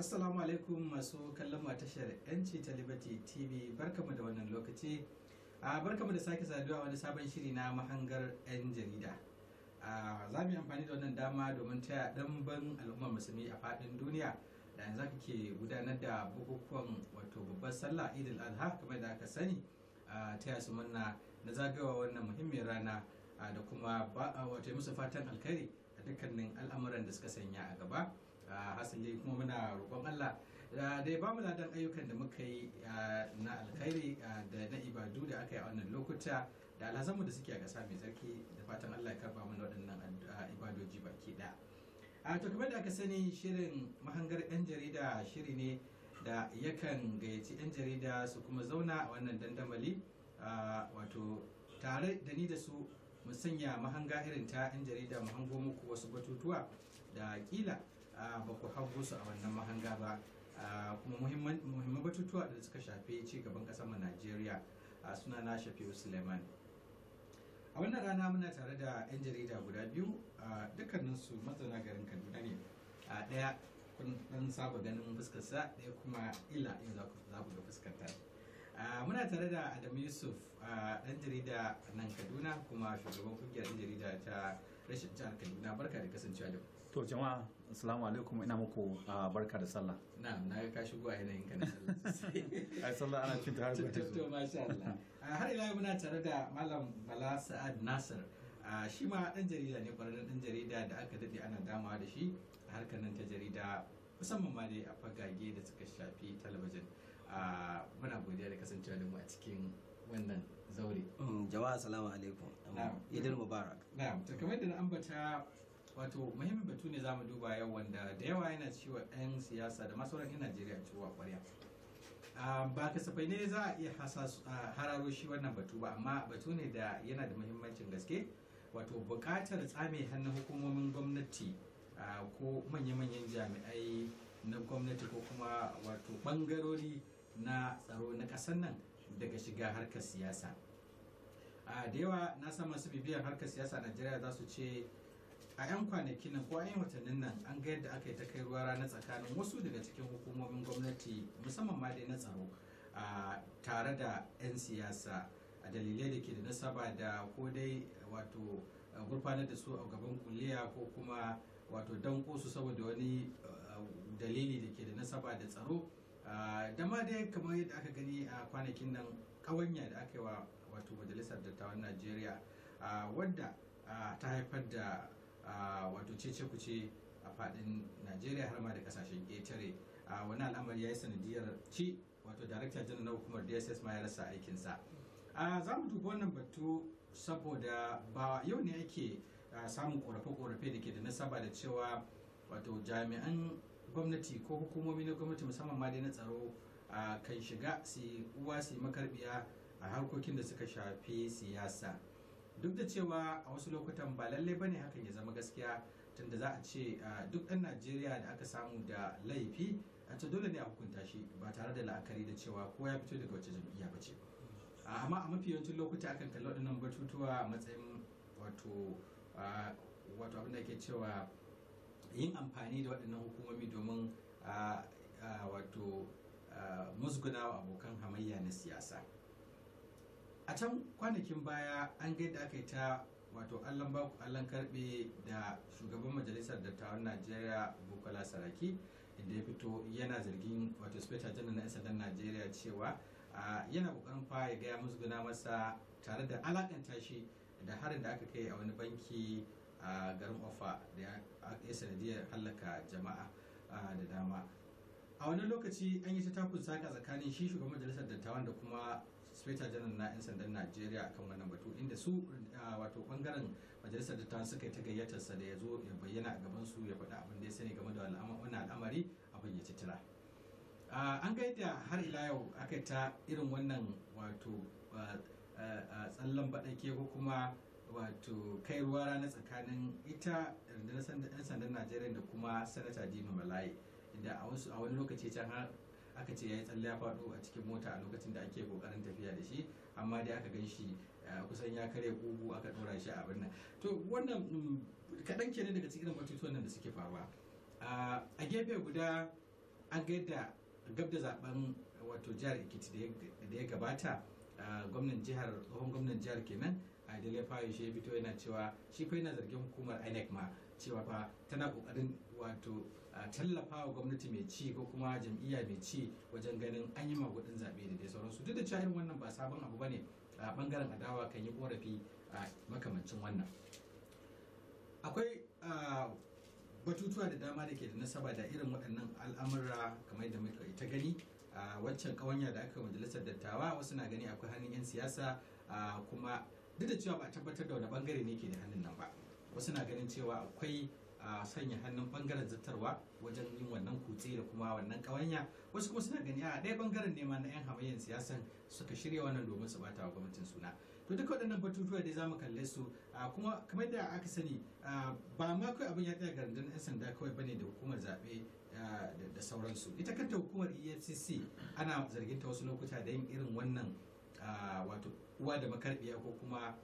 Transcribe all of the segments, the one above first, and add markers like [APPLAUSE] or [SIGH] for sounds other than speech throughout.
Assalamu alaikum masu kallon tashar 'yanci ta Liberty TV barkamu da wannan lokaci. A barkamu da sake saduwa wani sabon shiri na mahangar 'yan jarida. A za mu yi amfani da wannan dama domin taya ban al'ummar musulmi a faɗin duniya da yanzu ke gudanar da bukukuwan wato babbar sallah al Adha kamar da aka sani a taya su murna na zagawa wannan muhimmiyar rana da kuma wato musu fatan alkhairi a dukkanin al'amuran da suka sanya a gaba. hassan dai kuma muna roƙon allah da ba mu ladan ayyukan da muka yi na alkhairi da na ibadu da aka yi a wannan lokuta da alhazanmu da suke a ƙasa mai tsarki da fatan allah ya karba mana waɗannan ibadoji baki ɗaya a to kamar da aka sani shirin mahangar 'yan jarida shiri ne da yakan gayyaci 'yan jarida su kuma zauna a wannan dandamali wato tare da ni da su mu sanya mahanga irin ta 'yan jarida mu hango muku wasu batutuwa da kila ba ku hango su a wannan mahanga ba kuma muhimman batutuwa da suka shafi ci gaban kasar mu Najeriya suna na Shafiu Suleiman a wannan rana muna tare da 'yan jarida guda biyu dukkaninsu mazauna garin Kaduna ne a ɗaya kun dan saba ganin fuskarsa ɗaya kuma ila in za ku ga ta muna tare da Adamu Yusuf dan jarida nan Kaduna kuma shugaban kungiyar 'yan jarida ta rashin jihar Kaduna barka da kasancewa da ku To jama'a assalamu alaikum ina muku barka da sallah. Na na ga ka shigo a yanayin ka na sallah. [LAUGHS] Ai sallah ana cin ta har gobe. To masha Allah. Har ila muna tare da Malam Bala Sa'ad Nasir. shi ma dan jarida ne kwararren dan jarida da aka dade ana damawa da shi a harkar nan ta jarida musamman ma dai a fagage da suka shafi talabijin. muna godiya da kasancewa da mu a cikin wannan zaure. Mm, jama'a assalamu alaikum. idan Mubarak. Na'am, to kamar da na ambata wato muhimmin batu ne za mu duba yau wanda da yawa yana ciwo 'yan siyasa da masauran 'yan najeriya ciwo a kwarya ah, ba kasafai ne za a iya ah, hararo shi wannan batu ba amma batu ne da yana da muhimmancin gaske wato buƙatar tsame hannun hukumomin gwamnati ah, ko manya-manyan jami'ai na gwamnati ko kuma wato ɓangarori na tsaro na ƙasar nan daga shiga harkar siyasa da yawa na san masu bibiyar harkar siyasa a najeriya za su ce a 'yan kwanakin nan ko a 'yan watannin nan an ga yadda aka yi ta kai ruwa rana tsakanin wasu daga cikin hukumomin gwamnati musamman ma dai na tsaro tare da 'yan siyasa a dalilai da ke da nasaba da ko dai wato gurfanar da su a gaban kuliya ko kuma wato dan su saboda wani dalili da ke da nasaba da tsaro da dai kamar yadda aka gani a kwanakin nan kawanya da aka yi wa wato majalisar dattawan najeriya wadda ta haifar da wato cece kuce a fadin najeriya har ma da kasashen ƙetare wani alamar ya yi sanadiyar ci wato darakta janar na hukumar dss ma ya rasa aikinsa za mu duba wannan batu saboda ba yau ne ake samun korafe-korafe da ke da nasaba da cewa wato jami'an gwamnati ko hukumomi na gwamnati musamman ma dai na tsaro kan shiga su uwa su makarbiya a harkokin da suka shafi siyasa duk da cewa a wasu lokutan ba lallai bane hakan ya zama gaskiya tunda za a ce duk ɗan najeriya da aka samu da laifi a ce dole ne a hukunta shi ba tare da la'akari da cewa ko ya fito daga wace jam'iyya ba ce amma a mafi yawancin lokuta akan kalli waɗannan batutuwa a matsayin wato wato abin da ke cewa yin amfani da waɗannan hukumomi domin wato musgunawa abokan hamayya na siyasa a can kwanakin baya an gaida aka yi ta wato allan baku allan karbe da shugaban majalisar dattawan najeriya bukola saraki inda ya fito yana zargin wato special janar na najeriya cewa yana kokarin fa ya gaya musguna masa tare da alakanta shi da harin da aka kai a wani banki a garin ofa da ya sanadiyar hallaka jama'a da dama a wani lokaci an yi ta takun saka tsakanin shi shugaban majalisar dattawan da kuma sweater janar na 'yan sandan najeriya kan wannan batu inda su wato bangaren majalisar dattawan suka yi ta gayyatar sa da ya zo ya bayyana gaban su ya faɗi abin da ya sani game da wannan al'amari abin ya ci tira an gaida har ila yau aka ta irin wannan wato tsallan baɗake ko kuma wato kai ruwa rana tsakanin ita rundunar 'yan sandan najeriya da kuma sanata dino malaye inda a wani lokaci can har aka ce ya yi tsalle ya faɗo a cikin mota a lokacin da ake kokarin tafiya da shi amma dai aka gan shi eh, kusan ya karya kugu aka ɗora shi a birnin to wannan mm, kaɗan kenan daga cikin batutuwan nan da suke faruwa a gefe guda an ga yadda gab da zaben wato jihar ekiti da ya gabata gwamnan jihar tsohon gwamnan jihar kenan a ya fayo shi ya fito yana cewa shi fa yana zargin hukumar inec ma cewa fa tana kokarin wato tallafa wa gwamnati mai ci ko kuma jam'iyya mai ci wajen ganin an yi magudin zaɓe da dai sauransu duk da cewa irin wannan ba sabon abu bane a bangaren adawa kan yi korafi a makamancin wannan akwai batutuwa da dama da ke da nasaba da irin waɗannan al'amura kamar da muka ta gani a waccan kawanya da aka majalisar dattawa wasu na gani akwai hannun 'yan siyasa kuma duk da cewa ba tabbatar da wani bangare ne ke da hannun nan ba wasu na ganin cewa akwai a sanya hannun bangaren zartarwa wajen yin wannan kutse da kuma wannan kawanya wasu kuma suna gani a ɗaya bangaren nema na 'yan hamayyar siyasan suka shirya wannan domin su bata wa gwamnatin suna to duka waɗannan batutuwa dai zamu kalle su kuma kamar da aka sani ba ma kai abin ya tsaya ga rundunar 'yan sanda kawai bane da hukumar zaɓe da sauransu ita kanta hukumar efcc ana zargin ta wasu lokuta da yin irin wannan wato uwa da makarbiya ko kuma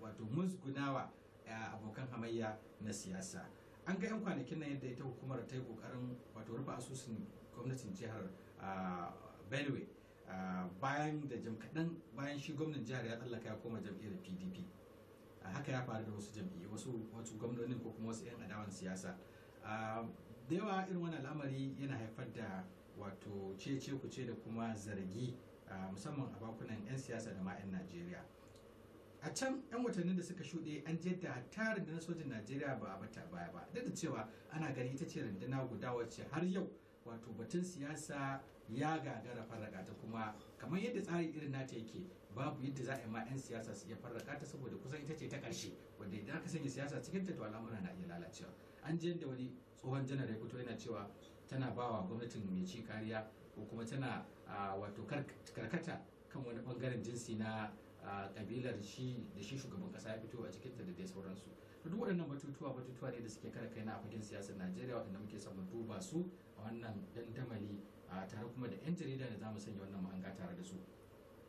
wato musgunawa abokan hamayya na siyasa an ga 'yan kwanakin nan yadda ita hukumar ta yi kokarin wato rufe asusun gwamnatin jihar benue bayan da jam kaɗan bayan shi gwamnan jihar ya tsallaka ya koma jam'iyyar pdp haka ya faru da wasu jam'iyyu wasu wasu gwamnonin ko kuma wasu 'yan adawan siyasa da yawa irin wani al'amari yana haifar da wato ce-ce ku ce da kuma zargi musamman a bakunan 'yan siyasa da ma 'yan najeriya a can 'yan watannin da suka shuɗe an je da na sojin najeriya ba a bata baya ba duk da cewa ana gani ita ce rundunar guda wacce har yau wato batun siyasa ya gagara farraka ta kuma kamar yadda tsarin irin nata yake babu yadda za a yi ma 'yan siyasa su iya farraka ta saboda kusan ita ce ta ƙarshe wanda idan aka sanya siyasa cikin ta to al'amura na iya lalacewa an je da wani tsohon janar ya fito yana cewa tana bawa gwamnatin mai ci kariya ko kuma tana wato karkata kan wani bangaren jinsi na kabilar shi da shi shugaban kasa ya fito a cikin ta da dai sauransu duk waɗannan batutuwa batutuwa ne da suke kare kai na fagen siyasar Najeriya waɗanda muke son mu duba su a wannan dandamali tare kuma da 'yan jarida da zamu sanya wannan mahanga tare da su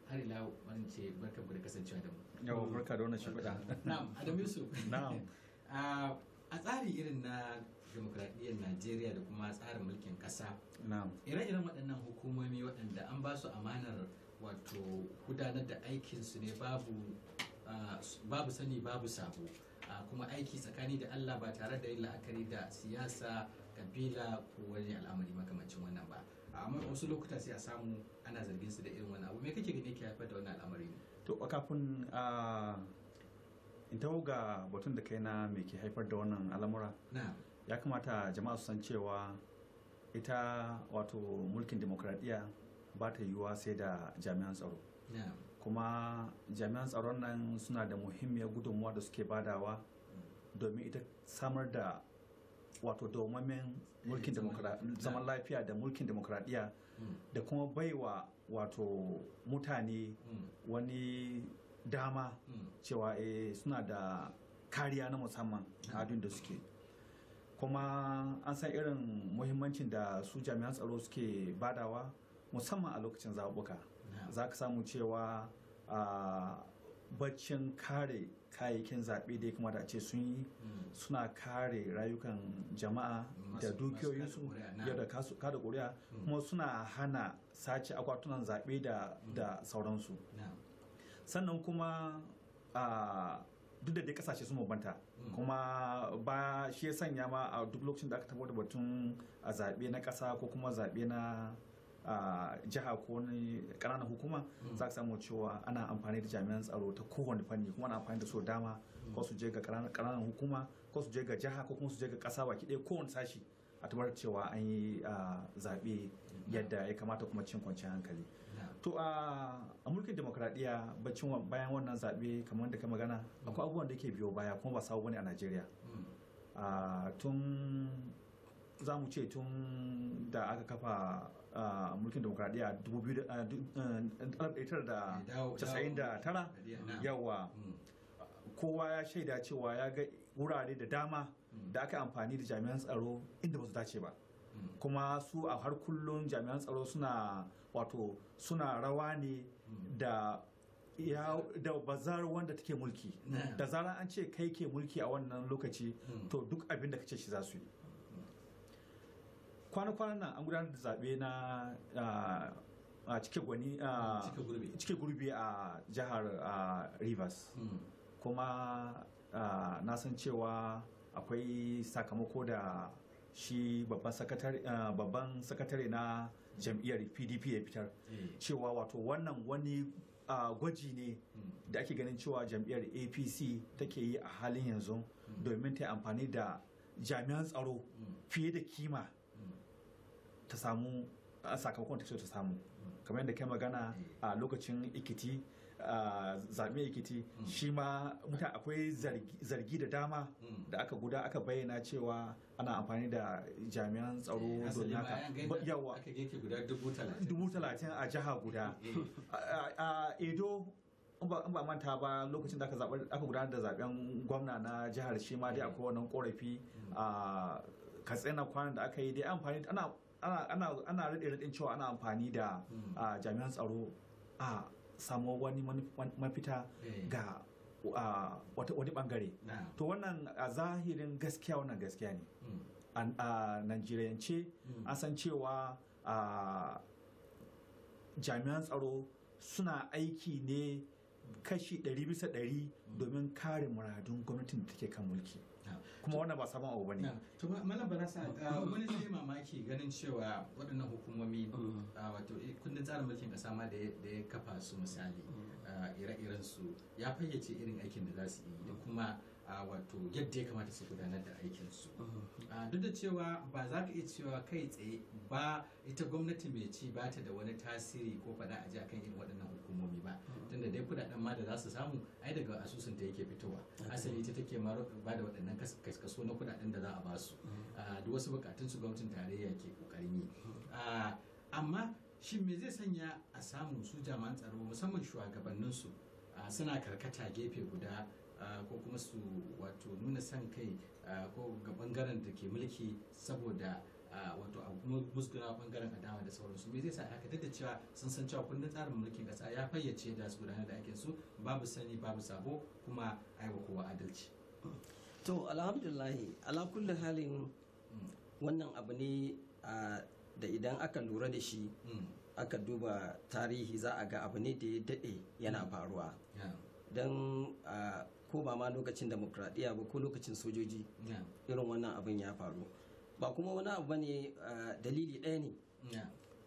har ila wani ce barkan da kasancewa da mu yawa barka da wannan fada na'am Adam Yusuf [LAUGHS] na'am a tsari irin na demokradiyyar Najeriya da kuma tsarin mulkin ƙasa na'am ire-iren waɗannan hukumomi waɗanda an ba su amanar wato gudanar da aikinsu ne babu babu sani babu sabo kuma aiki tsakani da allah ba tare da yin la'akari da siyasa kabila ko wani al'amari makamancin wannan ba amma wasu lokuta sai a samu ana zargin su da irin wani abu me kake gani ke haifar da wannan al'amari ne to kafin in taho ga batun da kai na me ke haifar da wannan al'amura ya kamata jama'a su san cewa ita wato mulkin demokradiyya ba ta yiwuwa sai da jami'an tsaro kuma jami'an tsaron nan suna da muhimmiyar gudunmuwa da suke badawa domin ita samar da wato domin mulkin zaman lafiya da mulkin demokradiyya mm. da kuma baiwa wato mutane mm. wani dama mm. cewa eh, suna da kariya na musamman a da suke kuma an san irin muhimmancin da su jami'an tsaro suke badawa musamman a lokacin zaɓuka za ka samu cewa a baccin kare kayayyakin zaɓe da ya kamata a ce sun yi hmm. suna kare rayukan jama'a da dukiyoyinsu yau da kada ƙuri'a hmm. kuma suna hana sace akwatunan zaɓe da hmm. sauransu sannan kuma duk da dai kasashe sun bambanta kuma ba shi ya sanya ma a duk lokacin da aka tabbatar batun a zaɓe na ƙasa ko kuma zaɓe na a jiha ko wani ƙananan hukuma hmm. za ka samu cewa ana amfani da jami'an tsaro ta kowane fanni kuma ana amfani da su dama ko su je ga ƙananan hukuma ko su je ga jiha ko kuma su je ga ƙasa baki ɗaya kowane sashi a tabbatar cewa an yi zaɓe yadda ya kamata kuma cin kwanciyar hankali to a mulkin demokradiyya bacin bayan wannan zaɓe kamar da ka magana akwai abubuwan da ke biyo baya kuma ba sabu bane a najeriya hmm. tun za mu ce tun da aka kafa mulkin demokradiyya 1999 yawa kowa ya shaida cewa ya ga wurare da dama da aka amfani da jami'an tsaro inda ba su dace ba kuma su a har kullum jami'an tsaro suna wato suna rawa ne da da bazar wanda take mulki da zarar an ce kai ke mulki a wannan lokaci hmm. to duk abin da kace shi za su yi kwana-kwanan nan an gudanar da zaɓe na a cike gwani cike gurbi a jihar rivers hmm. kuma na san cewa akwai sakamako da shi babban sakatare na jam'iyyar pdp ya fitar eh. cewa wato wannan wani gwaji ne hmm. da ake ganin cewa jam'iyyar apc take yi a halin yanzu hmm. domin ta amfani da jami'an tsaro fiye da kima ta samu sakamakon ta so ta samu kamar yadda kai magana a lokacin ikiti zame ikiti mm. shi ma mutane akwai zargi da dama mm. da aka guda aka bayyana cewa ana amfani da jami'an tsaro eh, don haka yawa dubu talatin a jiha guda eh. a edo in ba manta ba lokacin da aka gudanar da zaben gwamna na jihar shi ma dai eh. akwai wannan korafi mm. a katsina kwanan da aka yi dai amfani ana rade radin cewa ana amfani da hmm. ah, jami'an tsaro a samu wani mafita eh. ga ah, wani bangare to wannan a zahirin gaskiya wannan gaskiya ne hmm. a najeriyanci hmm. an san cewa ah, jami'an tsaro suna aiki ne kashi 100 bisa 100 domin kare muradun gwamnatin da take kan mulki. kuma wannan ba sabon abu bane to Mallam barasa [LAUGHS] ah, wani zai mamaki ganin cewa waɗannan hukumomi mm. ah, wato eh, kundin tsarin mulkin kasa ma da ya kafa su misali mm. ah, ire-iren su ya fayyace irin aikin da za su yi da kuma wato yadda ya kamata su gudanar da aikin su mm. duk da cewa ba za ka iya cewa kai tsaye ba ita gwamnati mai ci ba ta da wani tasiri ko faɗa a ji akan irin waɗannan hukumomi ba tunda dai kudaden ma da za su samu ai daga asusun ta yake fitowa asali ita take ma ba da waɗannan kaso na kudaden da za a ba su mm-hmm. ah, duk wasu bukatun su gwamnatin tarayya ke kokarin yi mm-hmm. ah, amma shin me zai sanya a samu su jami'an tsaro musamman shugabanninsu ah, suna karkata gefe guda ko kuma su wato nuna son kai ko ga bangaren da ke mulki saboda wato a musguna bangaren Adama da sauransu me zai sa haka da cewa sun san cewa kundin tsarin mulkin kasa ya fayyace da su gudanar da ake su babu sani babu sabo kuma aiwa kowa adalci to alhamdulillahi ala halin hmm. wannan abu ne da idan aka lura da shi hmm. aka duba tarihi za a ga abu ne da ya daɗe yana hmm. faruwa don ko ba ma lokacin demokradiyya ba ko lokacin sojoji irin wannan abin ya faru ba kuma wani abu ba bane dalili ɗaya ne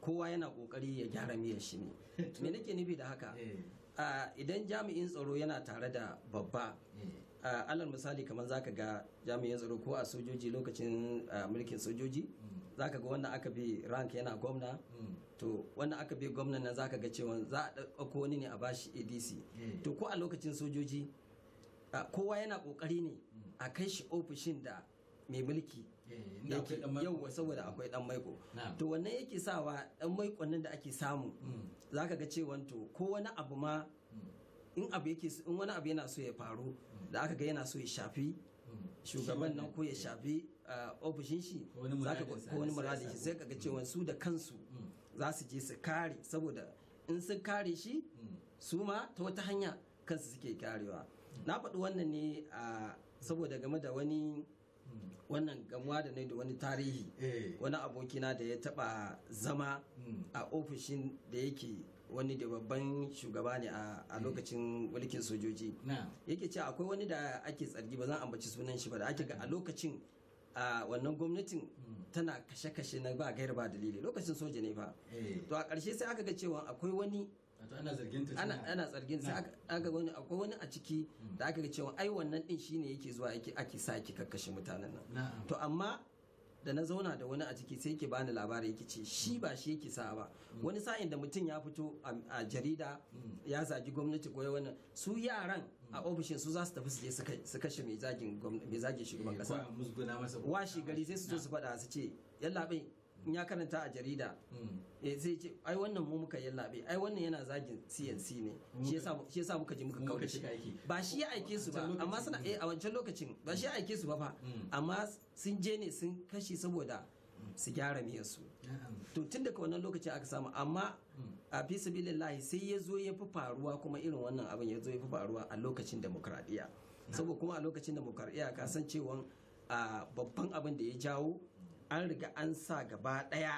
kowa yana kokari ya gyara miyar shi ne [LAUGHS] me nake nufi da haka eh. idan jami'in tsaro yana tare da babba eh. alal misali kamar zaka ga jami'in tsaro ko a sojoji lokacin mulkin sojoji hmm. zaka ga wanda aka bi rank yana gwamna hmm. to wanda aka bi gwamna nan zaka ga cewa za a ɗauko wani ne a bashi adc eh. to ko a lokacin sojoji kowa yana kokari ne hmm. a kai shi ofishin da mai mulki Eh, yau saboda akwai dan maiko to wannan yake sawa dan maikon nan da ake samu mm. zaka ga cewa to ko wani abu ma mm. in abu yake in wani abu yana so ya faru mm. da aka ga yana so ya shafi shugaban nan ko ya shafi ah, ofishin shi ko wani muradin shi sai ka ga cewa su da kansu za su je su kare saboda in sun kare shi su ma ta wata hanya kansu suke karewa na faɗi wannan ne ah, saboda game da wani wannan gamuwa da ne da wani tarihi eh. wani abokina da ya taba zama hmm. a ofishin da yake wani da babban shugaba ne a eh. lokacin mulkin sojoji yake ce akwai wani da ake tsargi ba zan ambaci sunan shi ba da ake ga a hmm. lokacin a wannan gwamnatin hmm. tana kashe-kashe na ba gairaba dalili lokacin soja ne ba eh. to a ƙarshe sai aka ga cewa akwai wani ana zargin ta sai aka wani akwai wani a ciki da aka ga cewa ai wannan din shine yake zuwa yake ake sa yake kakkashe mutanen nan to amma da na zauna da wani a ciki sai yake bani labari yake ce shi ba shi yake sa ba mm. wani sa'in da mutum ya fito a jarida mm. ya zagi gwamnati ko wani su yaran mm. a ofishin su za su tafi su je su kashe mai zagin shugaban eh, kasa washi gari sai su zo su faɗa su ce yallaɓai in ya karanta a jarida hmm. eh sai ce ai wannan mu muka labe ai wannan yana zagin CNC ne shi yasa muka ji muka kauce shi ba shi ya aike su ba amma suna eh a wancan lokacin ba shi ya aike su ba fa hmm. Hmm. amma sun je ne sun kashi saboda su gyara miyarsu to tun daga wannan lokaci aka samu amma a fi sabilillahi sai ya zo ya fi faruwa kuma irin wannan abin ya zo ya fi faruwa a lokacin demokradiyya saboda kuma a lokacin demokradiyya ka san cewa babban abin da ya jawo an riga an sa gaba ɗaya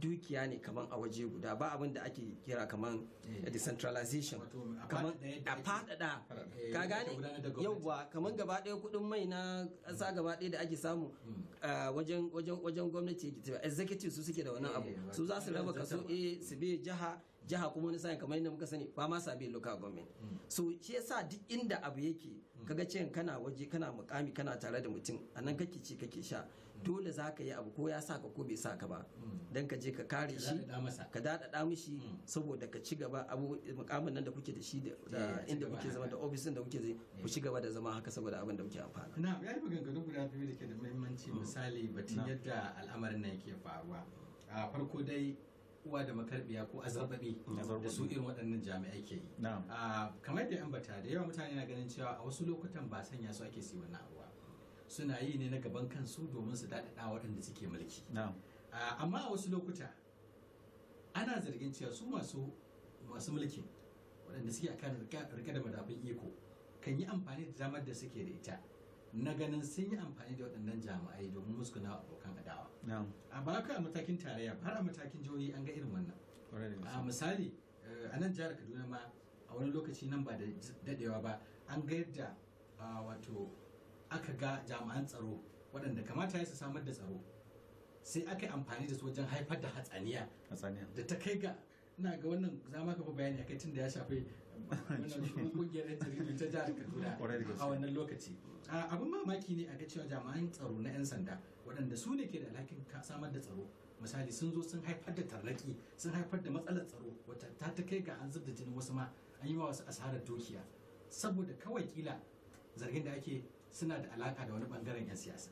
dukiya ne kaman a waje guda ba abin da ake kira kaman eh. decentralization kaman a fadada ka eh, gane yauwa kaman gaba ɗaya kudin mai na sa gaba ɗaya da ake samu hmm. ah, wajen gwamnati executive su suke da wannan eh, abu su za su raba kaso a su bi jiha jiha kuma wani sa'in kamar yadda muka sani ba ma sabi local government hmm. so shi yasa duk inda abu yake hmm. kaga cewa kana waje kana mukami kana tare da mutum anan kake ci kake sha dole za ka yi abu ko ya sa ka ko bai sa ka ba don ka je ka kare shi ka daɗaɗa mishi mm. saboda ka ci gaba abu mukamin nan da kuke da shi da eh, inda kuke zama da ofisin da kuke zai. ku ci eh. gaba da zama haka saboda abin da kuke amfana na ya yi maganganu guda biyu da ke da muhimmanci mm. misali batun yadda al'amarin nan ke faruwa a farko dai uwa da makarbiya ko azarbabi mm. da su irin waɗannan jami'ai ke yi kamar da bata da yawa mutane na ganin cewa a wasu lokutan ba sanya su ake si na abuwa suna yi ne na gaban kansu domin su daɗaɗa waɗanda suke mulki amma a wasu lokuta ana zargin cewa su masu masu mulki waɗanda suke akan rike da madafin iko kan yi amfani da damar da suke da ita na ganin sun yi amfani da waɗannan jami'ai domin muskuna abokan adawa a ba ka a matakin tarayya har a matakin jihohi an ga irin wannan a misali eh, a nan jihar kaduna ma a wani lokaci nan ba da dadewa ba an ga yadda wato aka ga jami'an tsaro waɗanda kamata ya samar da tsaro sai aka yi amfani da su wajen haifar da hatsaniya da ta kai ga na ga wannan za ma fi bayani akai tun da ya shafi wannan kungiyar [LAUGHS] ta jihar kaduna a wannan lokaci abin mamaki ne a ga cewa jami'an tsaro na 'yan sanda waɗanda su ne ke da alhakin samar da tsaro misali sun zo sun haifar da tarraki sun haifar da matsalar tsaro wata ta ta kai ga an zub da jinin wasu ma an yi wa wasu asarar dukiya saboda kawai kila zargin da ake suna da alaka da wani bangaren 'yan siyasa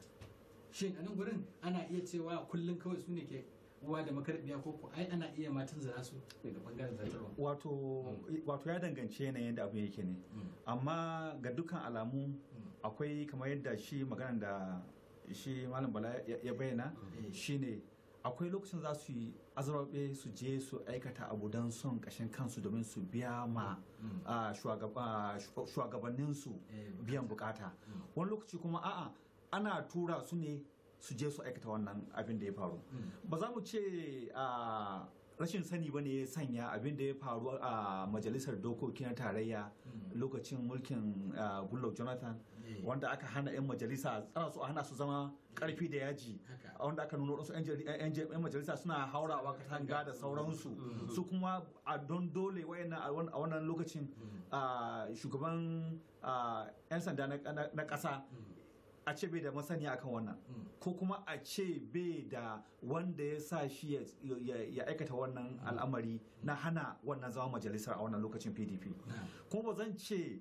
shin a nan gurin ana iya cewa kullum kawai su ne ke uwa da makarbiya ko ko ai ana iya matan zara su daga bangaren zartarwa hmm. wato ya danganci yanayin da abin yake ne hmm. amma ga dukkan alamu hmm. akwai kamar yadda shi maganar da shi malam bala ya bayyana shine akwai lokacin za su yi azarbe su je su aikata abu don son kashin kansu domin su biya ma mm. shugabanninsu eh, biyan bukata mm. wani lokaci kuma a'a ana tura su ne su je su aikata wannan abin da ya faru mm. ba za mu ce a rashin sani ba ne sanya abin da ya faru a majalisar dokoki na tarayya lokacin mulkin goodluck jonathan Eh. wanda aka hana 'yan majalisa ana so a hana su zama karfi da yaji wanda aka nuna wasu 'yan majalisa suna haurawa katanga da sauransu mm. su kuma a don dole a wannan lokacin mm. shugaban 'yan sanda na ƙasa mm. a ce bai da masani akan wannan ko kuma a ce bai da wanda ya sa shi ya aikata wannan al'amari na hana wannan zama majalisar a wannan lokacin pdp kuma ba zan ce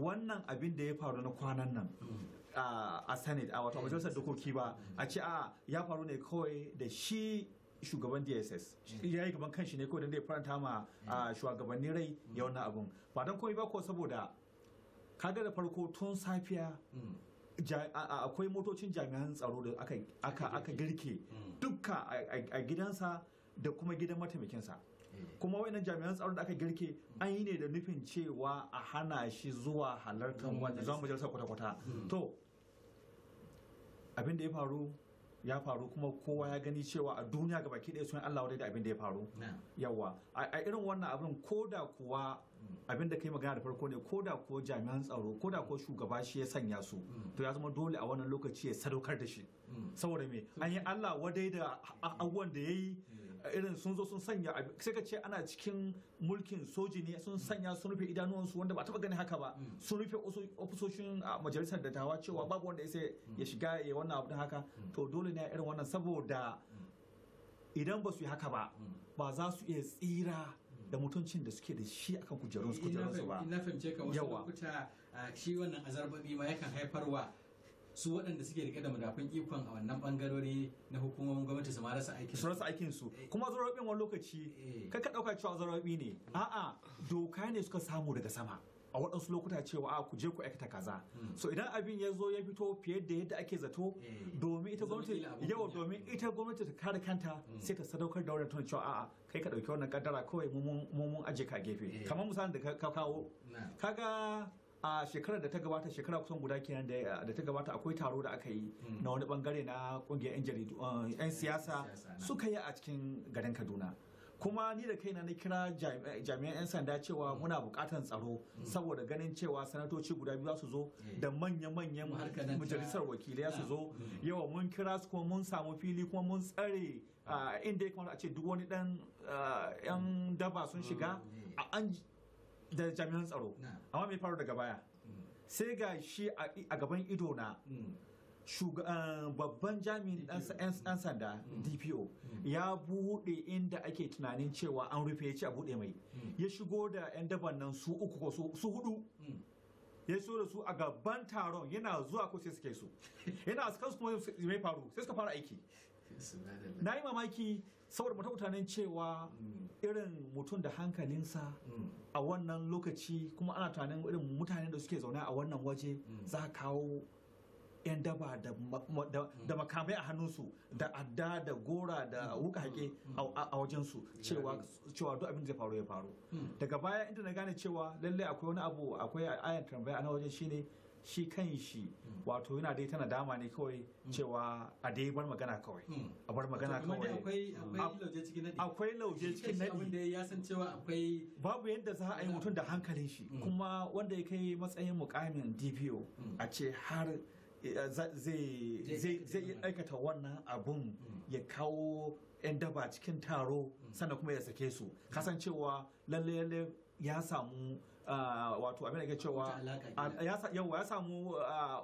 wannan abin da ya faru na kwanan nan a senate a wata majalisar dokoki ba a ce a ya faru ne kawai da shi shugaban dss ya yi gaban kanshi ne kawai da ya faranta ma shugabannin rai ya wannan abin ba don komai ba ko saboda kaga da farko tun safiya akwai motocin jami'an tsaro da aka girke mm. dukka a gidansa da kuma gidan mataimakinsa kuma wayannan jami'an tsaron da aka girke an yi ne da nufin cewa a hana shi zuwa halartar wanda mm. zama majalisar kwata-kwata mm. to abin da ya faru ya faru kuma kowa ya gani cewa a duniya ga baki ɗaya sunan Allah wadai da abin da ya faru yawa a irin wannan abin ko da kuwa mm. abin da kai magana da farko ne ko da ko jami'an tsaro ko da ko shugaba shi ya sanya su to ya zama dole a wannan lokaci ya sadaukar da shi saboda me an yi Allah wadai da abubuwan da ya yi irin sun zo sun sanya sai ka ce ana cikin mulkin soji ne sun mm. sanya sun rufe idanuwansu wanda ba taba gani haka ba mm. sun rufe ofisoshin majalisar da dattawa cewa babu wanda sai mm. ya shiga ya wannan abu haka to dole ne irin wannan saboda idan ba su yi haka ba ba za su iya tsira da mutuncin da suke da shi akan kujerun su eh, ba ina shi wannan azarbabi ma yakan haifarwa su waɗanda suke rike da madafun ikon a wannan bangarori na hukumomin gwamnati su ma rasa aikin su rasa aikin su eh. kuma zarobin wani lokaci eh. ka dauka cewa zarobi ne hmm. a'a doka ne suka samu daga sama a waɗansu lokuta cewa a ku je ku aikata kaza hmm. so idan abin ya zo ya fito fiye da yadda ake zato eh. domin ita gwamnati yawa domin ita gwamnati ta kare kanta hmm. sai ta sadaukar da wannan tunan cewa a'a kai ka ɗauki wannan kaddara kawai mun aje ka gefe kamar misalin da ka kawo kaga a shekarar da ta gabata shekara kusan guda kenan da ta gabata akwai taro da aka yi hmm. na wani bangare na kungiyar 'yan jaridu 'yan eh, siyasa suka yi a cikin garin kaduna kuma ni da kaina na kira jami'an 'yan sanda cewa hmm. muna bukatar tsaro hmm. saboda ganin cewa sanatoci guda biyu su zo da manya-manyan majalisar wakilai su zo yawa mun kira su kuma mun samu fili kuma mun tsare ah, inda ya kamata a ce duk wani ɗan 'yan ah, daba sun shiga an da jami'an tsaro amma mai faru daga baya mm. sai ga shi a gaban ido na mm. eh, babban jami'in ɗan sanda mm. dpo ya buɗe inda ake tunanin cewa an rufe ya ce a buɗe mai ya shigo da 'yan daban nan su uku ko su hudu ya so da su a gaban taron yana zuwa ko sai suke [LAUGHS] su yana su su mai faru sai suka fara aiki na yi mamaki saboda mutum mutanen cewa mm. irin mutum da hankalinsa mm. a wannan lokaci kuma ana tunanin irin mutanen da suke zaune a wannan waje mm. za a kawo 'yan daba da makamai a hannunsu da adda da gora da wukake a wajensu cewa duk abin zai faru ya faru daga baya inda na gane cewa lallai akwai wani abu akwai ayan tambaya a wajen shine shi kan shi hmm. wato yana dai tana dama ne kawai hmm. cewa a dai bar magana kawai hmm. a bar magana kawai akwai lauje cikin nadi ya san cewa akwai babu yadda za a yi mutum da hankalin shi kuma wanda ya kai matsayin mukamin DPO a ce har eh, zai aikata wannan abun ya kawo 'yan daba cikin taro sannan kuma ya sake su kasancewa lalle ya samu wato abin da ke cewa yawa ya samu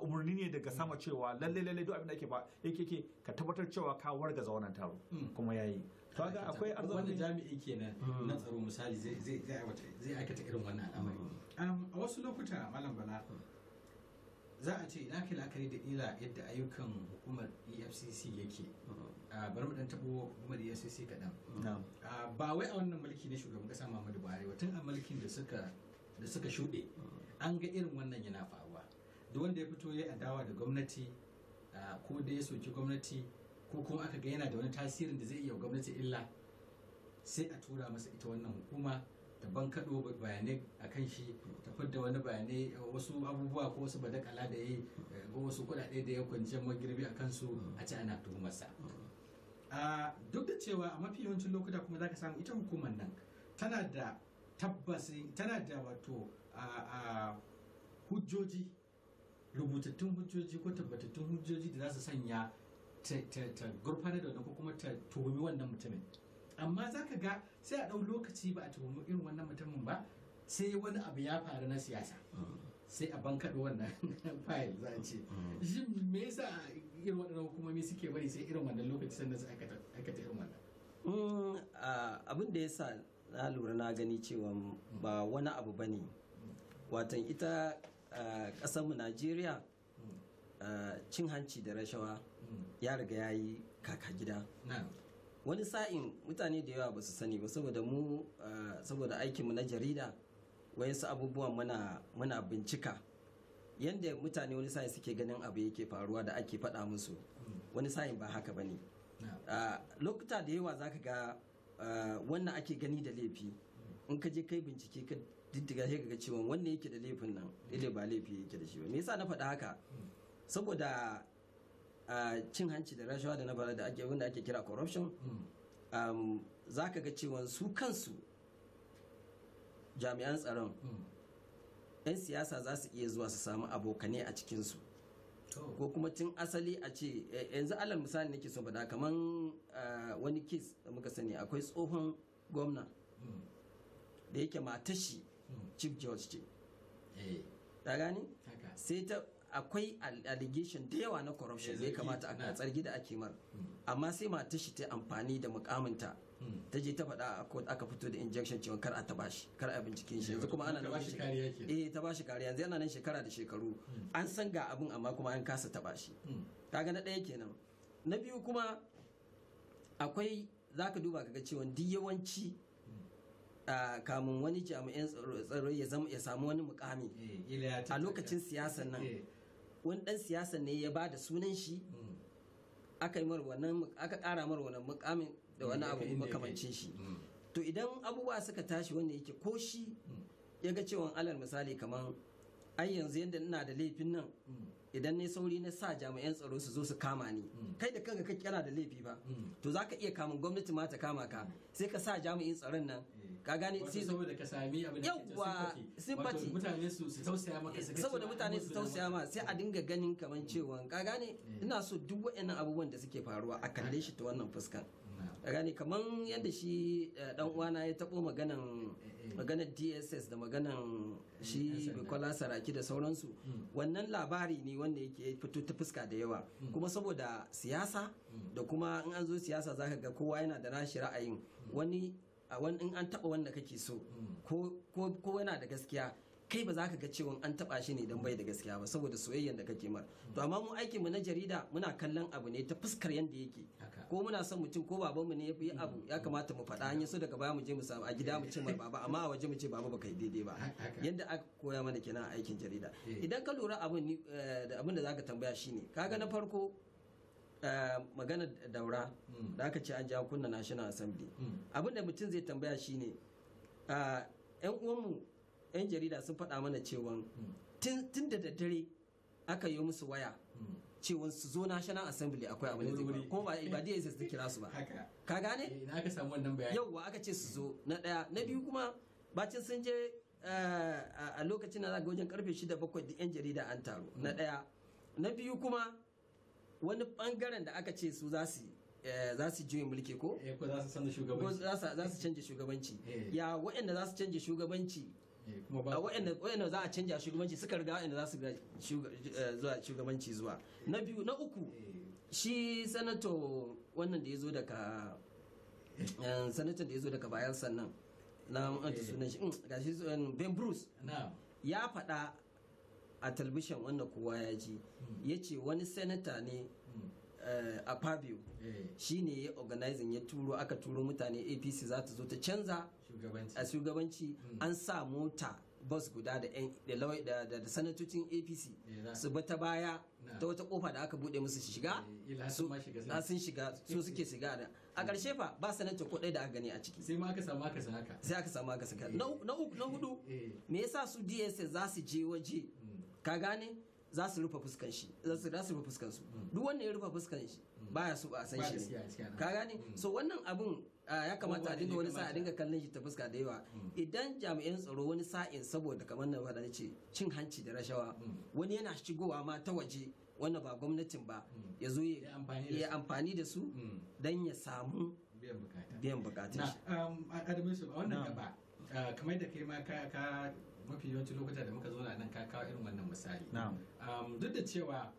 umarni ne daga sama cewa lalle lalle duk abin da ake ba yake ke ka tabbatar cewa ka wargaza wannan taro mm. kuma yayi to ga akwai arziki wanda jami'i kenan mm. na tsaro misali zai zai zai aikata irin wannan al'amari mm. um, a wasu lokuta malam bala za a ce na kai la'akari da ila yadda ayyukan hukumar efcc yake bari mu dan tabo hukumar efcc kaɗan ba wai a wannan mulki ne shugaban kasa muhammadu buhari wa tun a mulkin da suka da suka shuɗe an ga irin wannan yana faruwa da wanda ya fito ya adawa da gwamnati ko da ya soki gwamnati ko kuma aka ga yana da wani tasirin da zai iya gwamnati illa sai a tura masa ita wannan hukuma ta bankaɗo bayanai a kan shi ta fidda wani bayanai wasu abubuwa ko wasu badakala da ya yi ko wasu kuɗaɗe da ya kwanciyar magirbi a kansu a ci ana tuhumarsa duk da cewa a mafi yawancin lokuta kuma za ka samu ita hukumar nan tana da tabbasin eh, tana da wato a hujjoji rubutattun hujjoji ko tabbatattun hujjoji da za su sanya ta gurfanar da ko kuma ta tuhumi wannan mutumin amma za ka ga sai a ɗau lokaci ba a tuhumi irin wannan mutumin ba sai wani abu ya faru na siyasa sai a bankaɗo wannan [LAUGHS] fayil za a ce shi me yasa irin waɗannan hukumomi suke bari sai irin wannan lokaci sannan su aikata irin wannan mm, abin da ya sa na lura na gani cewa ba wani abu ba ne watan ita mu najeriya cin hanci da rashawa ya riga ya yi kaka gida wani sa'in mutane da yawa ba su sani ba saboda mu saboda aikin mu na jarida wayansu abubuwan muna bincika yadda mutane wani sa'in suke ganin abu yake faruwa da ake faɗa musu wani sa'in ba haka ba ne lokuta da yawa za ka ga Eh, wannan ake gani da laifi in ka je kai bincike ka diddiga sai ga cewa wannan yake da laifin nan ile ba laifi yake da shi ba me yasa na faɗa haka saboda eh, cin hanci da rashawa da na bara da ake wanda ake kira corruption za ka ga cewa su kansu jami'an tsaron hmm. 'yan siyasa za su iya zuwa su samu abokane a cikinsu ko kuma tun asali a ce eh, yanzu alal misali nake so bada kamar eh, wani kes da muka sani akwai tsohon gwamna hmm. da yake matashi hmm. chief george ce ta eh. gani sai ta akwai allegation da yawa na corruption da ya kamata a tsargi da ake mara hmm. amma sai matashi ta amfani da mukaminta ta je ta faɗa a court aka fito da injection cewa kar a taba shi kar a binciken shi yanzu kuma ana nan bashi kariya eh ta bashi kariya yanzu yana nan shekara da shekaru hmm. an san ga abin amma kuma an kasa taba shi hmm. kaga na ɗaya kenan na biyu kuma akwai zaka duba kaga cewa duk yawanci hmm. kamun wani jami'an tsaro ya samu wani mukami eh, a lokacin siyasan nan eh. wani dan siyasa ne ya ba da sunan shi aka yi wannan aka kara mar wannan mukamin da wani abu makamancin shi mm. to idan abubuwa suka tashi wanda yake ko shi mm. ya ga cewa alal misali kamar ai yanzu yadda ina da laifin nan mm. idan ne sauri na sa jami'an tsaro su zo su kama ni kai da kanka kake yana da laifi ba to zaka iya kama gwamnati ma ta kama ka sai ka sa jami'in tsaron nan eh. ka gane sai saboda ka sami abin da kake simpati mutane su su tausaya maka saboda mutane su tausaya ma sai a dinga ganin kaman cewa ka gane eh. ina so duk waɗannan abubuwan da suke faruwa a kalle shi ta wannan fuskan gane kaman yadda shi eh, dan uwana ya tabo maganan maganar DSS da maganan shi mm, Bukola Saraki da sauransu mm. wannan labari ne wanda yake fito ta fuska da yawa mm. kuma saboda siyasa da kuma in an zo siyasa zaka ga kowa yana da nashi ra'ayin wani in an taba wanda kake so ko yana da gaskiya kai ba za ka ga cewa an taba shi ne don bai da gaskiya ba saboda soyayyar da kake mar to amma mu aikin mu na jarida muna kallon abu ne ta fuskar yadda yake ko muna son mutum ko babanmu ne ya fi abu ya mm-hmm. kamata mu faɗa an yi so daga baya mu je mu samu a gida mu ce mai baba amma a waje mu ce baba baka yi daidai ba yadda aka koya mana kenan a aikin jarida eh. idan ka lura abin eh, da abin da zaka tambaya shine ga na farko eh, magana daura mm. da aka ce an ja kunna national assembly mm. abin da mutum zai tambaya shine yan ah, uwanmu yan jarida sun faɗa mana cewa mm. tun da daddare aka yi musu waya cewa su zo national assembly akwai abin da zai kuma ba ba DSS su kira su ba ka gane eh, na ka samu wannan bayani yauwa aka ce su zo na daya na biyu kuma bacin sun je eh, a lokacin na zaga wajen karfe 6 bakwai da yan jarida an taro na daya na biyu kuma wani bangaren da aka ce su za su eh, za su juye mulki ko za su canza shugabanci ya waɗanda za su canza shugabanci waɗanda za a canja shugabanci suka riga waɗanda za su eh, zuwa shugabanci zuwa na biyu na uku shi sanato wannan da ya zo daga eh. eh, sanatan da ya zo daga bayan sannan na manta sunan shi mm, ga shi ben bruce ya faɗa a talbishin wannan kowa ya ji hmm. ya ce wani sanata ne hmm. a fabio shi ne ya organizing ya turo aka turo mutane apc za ta zo ta canza a shugabanci hmm. an sa mota bus guda da da sanatocin apc eh, su bata ta baya ta wata kofa da aka bude musu shiga eh, sun shiga su suke shiga da a hmm. ƙarshe fa ba sanata ko ɗaya da aka gani a ciki sai ma aka samu aka san haka sai aka samu aka san haka eh. na uku na hudu [LAUGHS] me yasa su dss za su je waje hmm. ka gane za su rufe fuskan shi za su rufe fuskan su duk wanda ya rufe fuskan shi baya so a san shi ne ka gane so wannan abun ya kamata a dinga wani sa dinga kallon shi ta fuska da yawa hmm. idan jami'an tsaro wani sa'in saboda kamar na faɗa ce cin hanci da rashawa hmm. wani yana shigowa ma ta waje wanda ba gwamnatin ba hmm. ya zo ya amfani da su don ya samu biyan bukatun shi. Um, Adamu Yusuf a wannan gaba uh, kamar da kai ma ka mafi yawancin lokuta da muka zo nan ka kawo irin wannan misali. Um, duk da cewa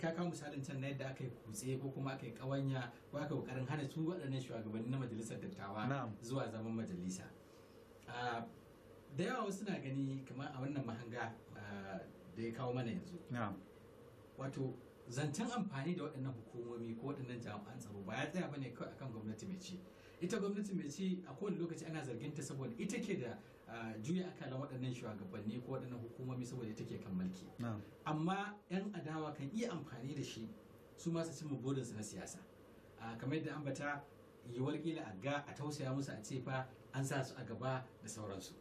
ka kawo misalin can na yadda aka yi kutse ko kuma aka yi kawanya ko aka kokarin hana su waɗannan shugabanni na majalisar dattawa zuwa zaman majalisa da yawa wasu na gani kamar a wannan mahanga da ya kawo mana yanzu wato zancen amfani da waɗannan hukumomi ko waɗannan jami'an tsaro ba ya tsaya ne kawai akan gwamnati mai ci ita gwamnati mai ci a kowane lokaci ana zargin ta saboda ita ke da juya akalan waɗannan shugabanni ko waɗannan hukumomi saboda take kan mulki amma 'yan adawa kan iya amfani da shi su masu cimma burinsu na siyasa kamar yadda ambata yiwuwar kila a ga a tausaya musu a ce fa an sa su a gaba da sauransu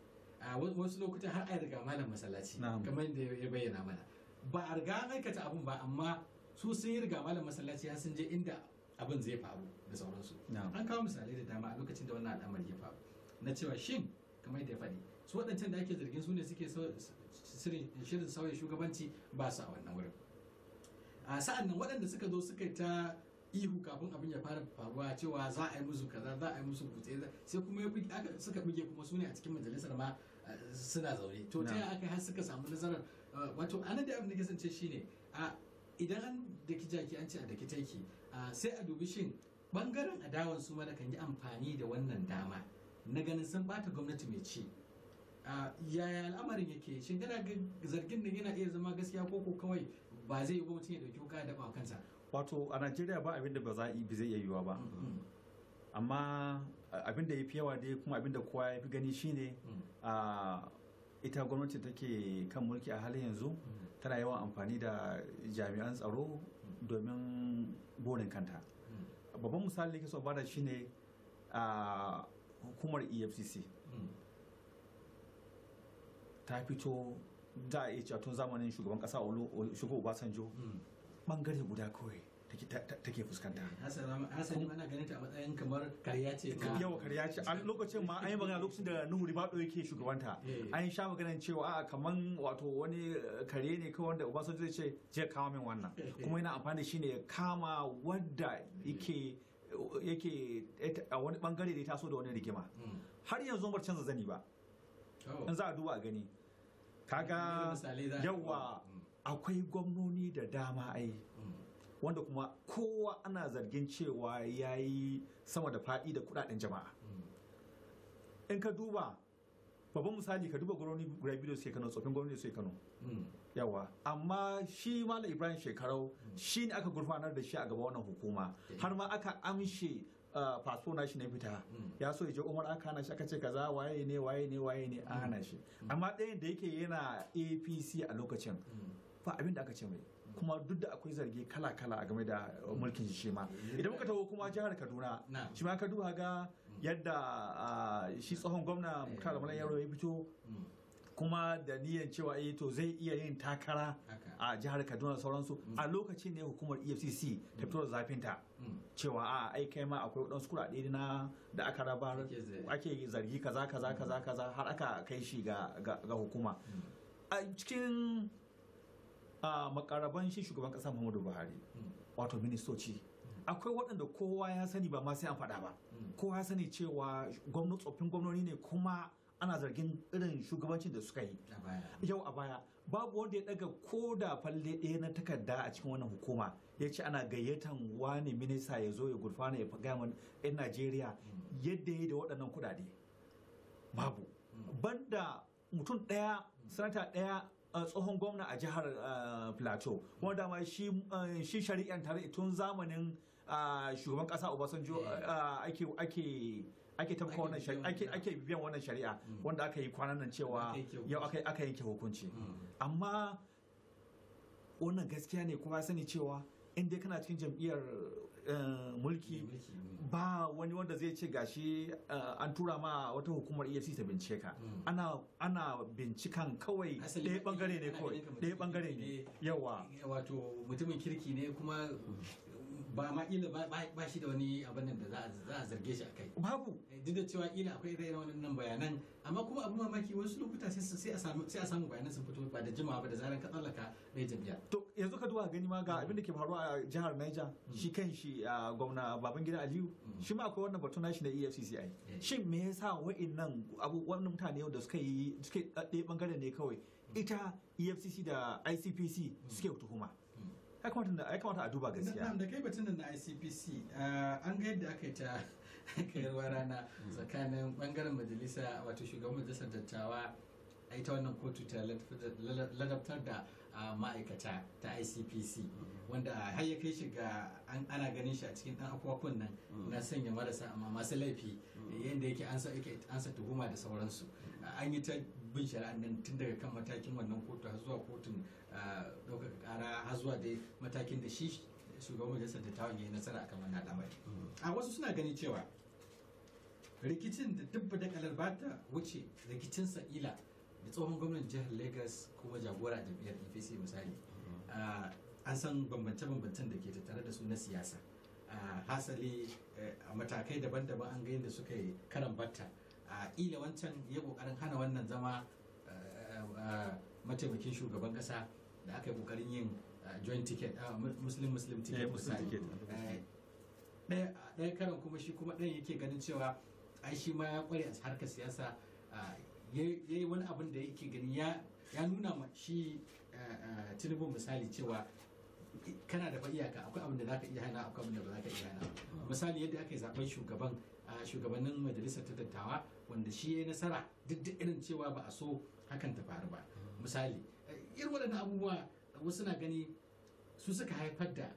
wasu lokutan har a riga malam masallaci kamar yadda ya bayyana mana ba a riga an aikata abun ba amma su sun yi riga malam masallaci har sun je inda abin zai faru da sauransu an kawo misalai da dama a lokacin da wannan al'amari ya faru na cewa shin kamar yadda ya faɗi su waɗancan da ake zargin su ne suke shirin sauya shugabanci ba su a wannan wurin a sa'an nan waɗanda suka zo suka ta ihu kafin abin ya fara faruwa cewa za a yi musu kaza za a yi musu kutse sai kuma suka buge kuma su ne a cikin majalisar ma eh, suna zaune to ta aka har suka samu nazarar eh, wato anan da abin da shi ne, a idan an daki jaki an ce a daki taiki sai a dubi shin bangaren adawan su ma da kan yi amfani da wannan na ganin sun bata gwamnati mai ci yaya al'amarin yake shin kana zargin nan yana iya zama gaskiya ko ko kawai ba zai yi gwamnati ya dauki wuka da ba kansa wato a Najeriya ba abin da ba zai iya yiwa ba mm-hmm. amma abinda da ya fi yawa dai kuma abin da kowa ya fi gani shine mm. a ita gwamnati take kan mulki a halin yanzu mm. tana yawan amfani da jami'an tsaro mm. domin burin kanta babban misali da ke so bada shine a hukumar efcc hmm. ta fito za a iya tun zamanin shugaban kasa shugaban obasanjo bangare hmm. guda kawai take fuskanta hasali na ganin ta a matsayin kamar kariya ce yawa kariya ce a lokacin ma an yi magana lokacin da nuhu ribado yake shugabanta eh. an sha maganin cewa a kaman wato wani eh, kare ne kawai wanda obasanjo zai ce je kama min wannan [LAUGHS] kuma yana amfani da shi ne ya kama wadda yake yake eh, a wani bangare da ya taso da wani rigima hmm. har yanzu bar canza zani ba oh. in za a duba gani kaga yawa hmm. akwai gwamnoni da dama ai hmm. wanda kuma kowa ana zargin cewa ya yi sama da faɗi da kudaden jama'a in ka duba babban misali ka duba gwamnoni guda biyu da suke kano tsofin gwamnoni da suke kano yawa amma shi malam ibrahim shekarau hmm. shi ne aka gurfanar da shi a gaba wannan hukuma eh. har ma aka amshe uh, fasfo na shi na fita hmm. ya so je umar aka hana shi aka ce kaza waye ne waye ne waye ne a hana shi hmm. amma ɗayan da yake yana apc a lokacin ba abin da aka ce mai kuma duk da akwai zargi kala-kala a game da mulkin shi ma idan muka taho kuma jihar kaduna shi ma ka duba ga yadda uh, shi tsohon gwamna eh. muktar malam ya fito kuma da niyan cewa eh to zai iya yin takara a jihar Kaduna da sauransu mm. a lokacin ne hukumar EFCC ta fito da ta cewa a ai kai ma akwai wadansu kuɗaɗe na da aka rabar ake zargi kaza kaza kaza mm. kaza har aka kai shi ga ga hukuma mm. a cikin makaraban shi shugaban kasa Muhammadu Buhari wato ministoci akwai waɗanda kowa ya sani ba ma sai an faɗa ba kowa ya sani cewa gwamnati tsoffin gwamnoni ne kuma ana zargin irin shugabancin da suka yi yau a baya babu wanda ya daga ko da falle ɗaya na takarda a cikin wannan hukuma ya ce ana gayyatan wani minista ya zo ya gurfana ya faga mana 'yan najeriya yadda ya da waɗannan kuɗaɗe babu hmm. banda mutum ɗaya hmm. sanata ɗaya tsohon gwamna a jihar plateau kuma dama shi shari'an tare tun zamanin shugaban ƙasa obasanjo ake ake tabka wannan shari'a ake biyan wannan shari'a wanda aka yi kwanan nan cewa yau aka aka yanke hukunci mm. amma wannan gaskiya ne kuma sani cewa in dai kana cikin jam'iyyar eh, mulki mm. ba wani wanda zai ce gashi eh, an tura ma wata hukumar efcc ta bincike ka mm. ana bincikan kawai ɗaya bangare ne kawai ɗaya bangare ne yawa wato mutumin kirki ne kuma ba ma ila ba shi da wani abin nan da za a zarge shi a kai babu eh, duk da cewa ila akwai irin wannan bayanan amma kuma abu mamaki wasu lokuta sai a samu bayanan sun fito ba da jimawa ba da zaran ka tsallaka na jami'a to yanzu ka duwa gani ma ga mm. abin da ke faruwa a jihar Niger mm. shi kan shi gwamna Babangida Aliyu mm. shi ma akwai wannan batun nashi na EFCC ai eh. shin me yasa wa'annan abubuwan mutane yau da suka yi suke ɗaya bangare ne kawai ita EFCC da ICPC suke tuhuma ya kamata a duba gaskiya da kai batun na ICPC eh, an ga yadda aka yi ta [LAUGHS] kayarwa rana mm. tsakanin bangaren majalisa wato shugaban majalisar dattawa a ita wannan kotu ta ladabtar da ah, ma'aikata ta icpc mm. wanda har ya kai shiga ana ganin shi a cikin dan akwakun nan na sanya marasa amma masu laifi mm. yadda yake an sa tuhuma da sauransu an yi ta bin shari'a nan tun daga kan matakin wannan kotu har zuwa kotun ah, ɗaukar ƙara har zuwa dai matakin da shi shugaban majalisar ta ya yayi nasara akan wannan al'amari mm. a wasu suna ganin cewa rikicin da dubba da kalar ba ta wuce rikicin sa'ila da tsohon gwamnan jihar lagos kuma jagora jam'iyyar apc misali mm. ah, an san bambance-bambancen da ke tattare da su na siyasa ah, hasali eh, a matakai daban-daban an ga yadda suka yi karan a ila wancan ya kokarin hana wannan zama eh, eh, eh, mataimakin shugaban kasa da aka yi kokarin yin joint ticket muslim muslim ticket ɗaya karan kuma shi kuma ɗaya yake ganin cewa ai shi ma ya kware a harkar siyasa ya yi wani abin da yake ganin ya nuna ma shi tinubu misali cewa kana da iyaka akwai abin da za ka iya hana akwai abin da ba za ka iya hana ah. misali yadda aka yi zaben shugaban shugabannin majalisar ta dattawa wanda shi ya yi nasara duk da irin cewa ba a so hakan ta faru ba misali irin waɗanda abubuwa wasu na gani su suka haifar da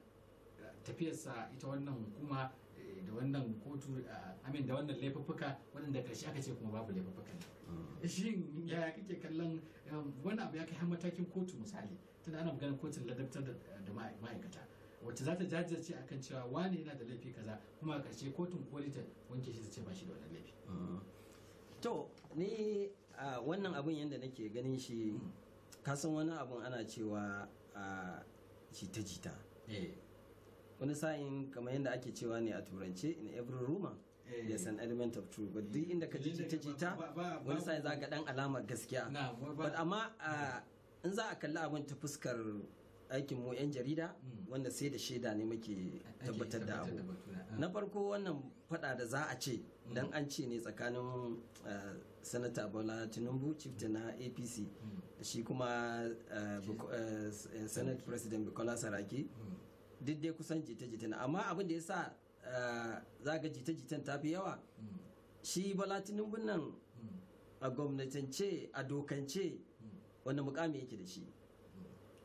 eh, tafiyarsa ita wannan hukuma eh, da wannan kotu eh, amin da wannan laifuffuka waɗanda karshe aka ce kuma babu ne mm. shi ya kake kallon wani abu ya kai har matakin kotu misali tunda ana ganin kotun ladabtar da ma'aikata wacce za ta jajirce a kan cewa wani yana da laifi kaza kuma a ƙarshe kotun koli ta wanke shi ta ce ba shi da wani laifi to ni wannan abun yadda nake ganin shi kasan wani abun ana cewa a jita-jita eh. wani sa'in kamar yadda ake cewa ne a turance in every rumor eh. there's an element of truth but duk inda ka ji jita jita wani sa'in za ga dan alamar gaskiya but amma in za a kalli abin ta fuskar aikin mu 'yan jarida hmm. wanda sai da shaida ne muke tabbatar da abu ah. na farko wannan fada da za a ce hmm. dan an ce ne tsakanin eh, sanata bola tinubu cifta na apc hmm. shi kuma eh, eh, senate president bukola saraki duk kusan jita-jita na amma abin da ya sa za ga jita-jitan ta fi yawa shi bola tinubu nan a gwamnatance a dokance wanda mukami yake da shi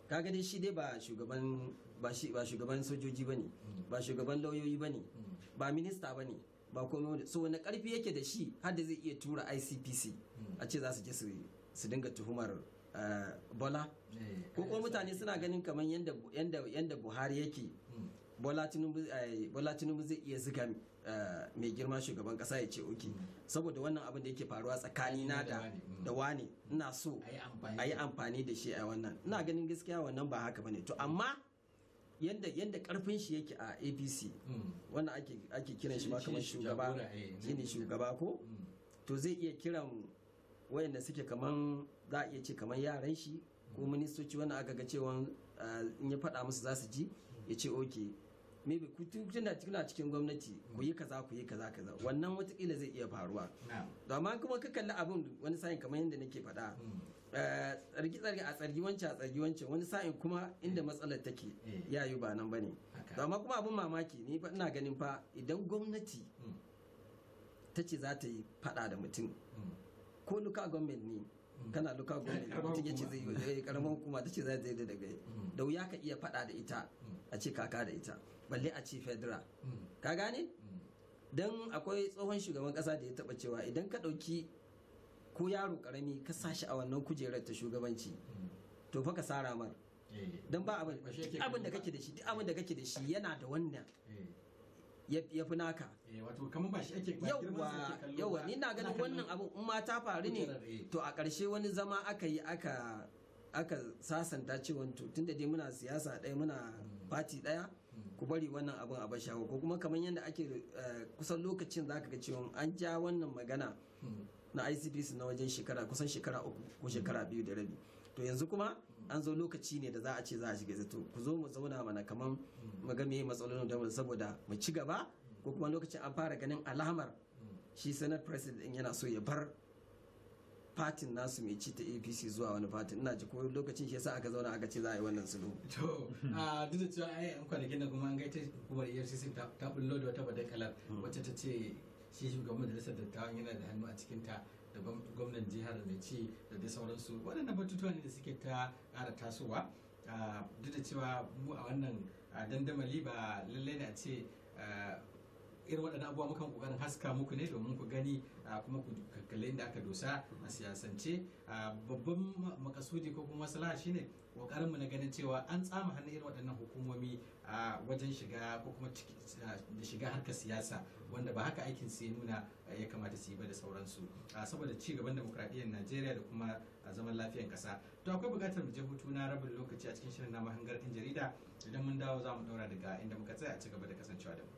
kaga dai shi dai ba shugaban ba shi ba shugaban sojoji bane hmm. ba shugaban lauyoyi bane hmm. ba minista bane ba komai so wani karfi yake da shi har da zai iya tura ICPC hmm. a ce za su je su dinga tuhumar eh, Bola eh, ko kuma eh, mutane suna ganin kamar yanda Buhari yake Bola Tinubu zai iya zuga Eh, mai girma shugaban kasa ya ce oke saboda wannan abin da yake faruwa tsakani na da da wani mm. ina so a yi amfani da shi a wannan ina ganin gaskiya wannan ba haka bane to amma yanda yanda karfin shi yake a APC mm. wannan ake ake kiran shi ma kamar shugaba eh, shine shugaba ko mm. to zai iya kiran wayanda suke kamar za a iya ce kaman yaran shi ko ministoci wannan aka ga cewa eh, in ya faɗa musu za su ji ya ce oke maybe ku kuna cikin gwamnati ku yi kaza ku yi kaza kaza wannan watakila zai iya faruwa amma kuma ka kalli abun wani sa'in kamar yadda nake faɗa hmm. eh, tsarki tsarki a tsarki wancan a tsarki wancan wani sa'in kuma inda eh. matsalar take eh. ya yi ba nan bane amma kuma abun mamaki ni fa ina ganin fa idan gwamnati hmm. ta ce za ta yi faɗa da mutum hmm. ko luka gwamnati ne kana luka [LAUGHS] gwamnati mutum ya ce zai yi karamar hukuma ta ce za ta yi da daga da wuya ka iya faɗa da ita a ce kaka da ita balle a ci federal hmm. ka gane hmm. don akwai tsohon shugaban kasa da ya taba cewa idan ka ɗauki ko yaro karami ka sashi a wannan kujerar ta shugabanci hmm. to fa ka sara mar eh. don ba abin da kake da shi abin da kake da shi yana da wannan eh. ya fi naka eh, wato kamar ba shi ake ni na ganin wannan abu in ma ta faru ne to a ƙarshe wani zama aka yi aka aka sasanta cewa to tunda dai muna siyasa ɗaya muna fati ɗaya ku bari wannan abin a bar shago ko kuma kamar yadda ake eh, kusan lokacin za ka ga cewa an ja wannan magana na icbc na wajen shekara kusan shekara uku ko shekara biyu da rabi to yanzu kuma an zo lokaci ne da za a ce za a shiga zato ku zo mu zauna mana kamar mu ga meye matsalolin da saboda mu ci gaba ko kuma lokacin an fara ganin alamar shi sanar president yana so ya bar fatin nasu mai ci ta apc zuwa wani fatin ina ji ko lokacin shi yasa aka zauna aka ce za a yi wannan sulhu to a duk da cewa ai an kwanakin gina kuma an gaita hukumar efcc ta bullo da wata kalar hmm. wacce ta ce shi shugaban majalisar dattawan yana da hannu a cikin ta da gwamnan jihar mai ci da dai sauransu waɗannan batutuwa ne da suke ta ƙara tasowa duk da cewa mu a wannan dandamali ba lallai na ce irin waɗannan abubuwa mukan ƙoƙarin haska muku ne domin ku gani kuma ku kalli inda aka dosa a siyasance babban makasudi ko kuma masala shine ne mu na ganin cewa an tsama hannun irin waɗannan hukumomi a wajen shiga ko kuma da shiga harkar siyasa wanda ba haka aikin su ya nuna ya kamata su yi ba da sauransu saboda ci gaban na Najeriya da kuma zaman lafiyar kasa to akwai buƙatar mu je hutu na rabin lokaci a cikin shirin na mahangar jarida idan mun dawo za mu ɗaura daga inda muka tsaya a ci gaba da kasancewa da mu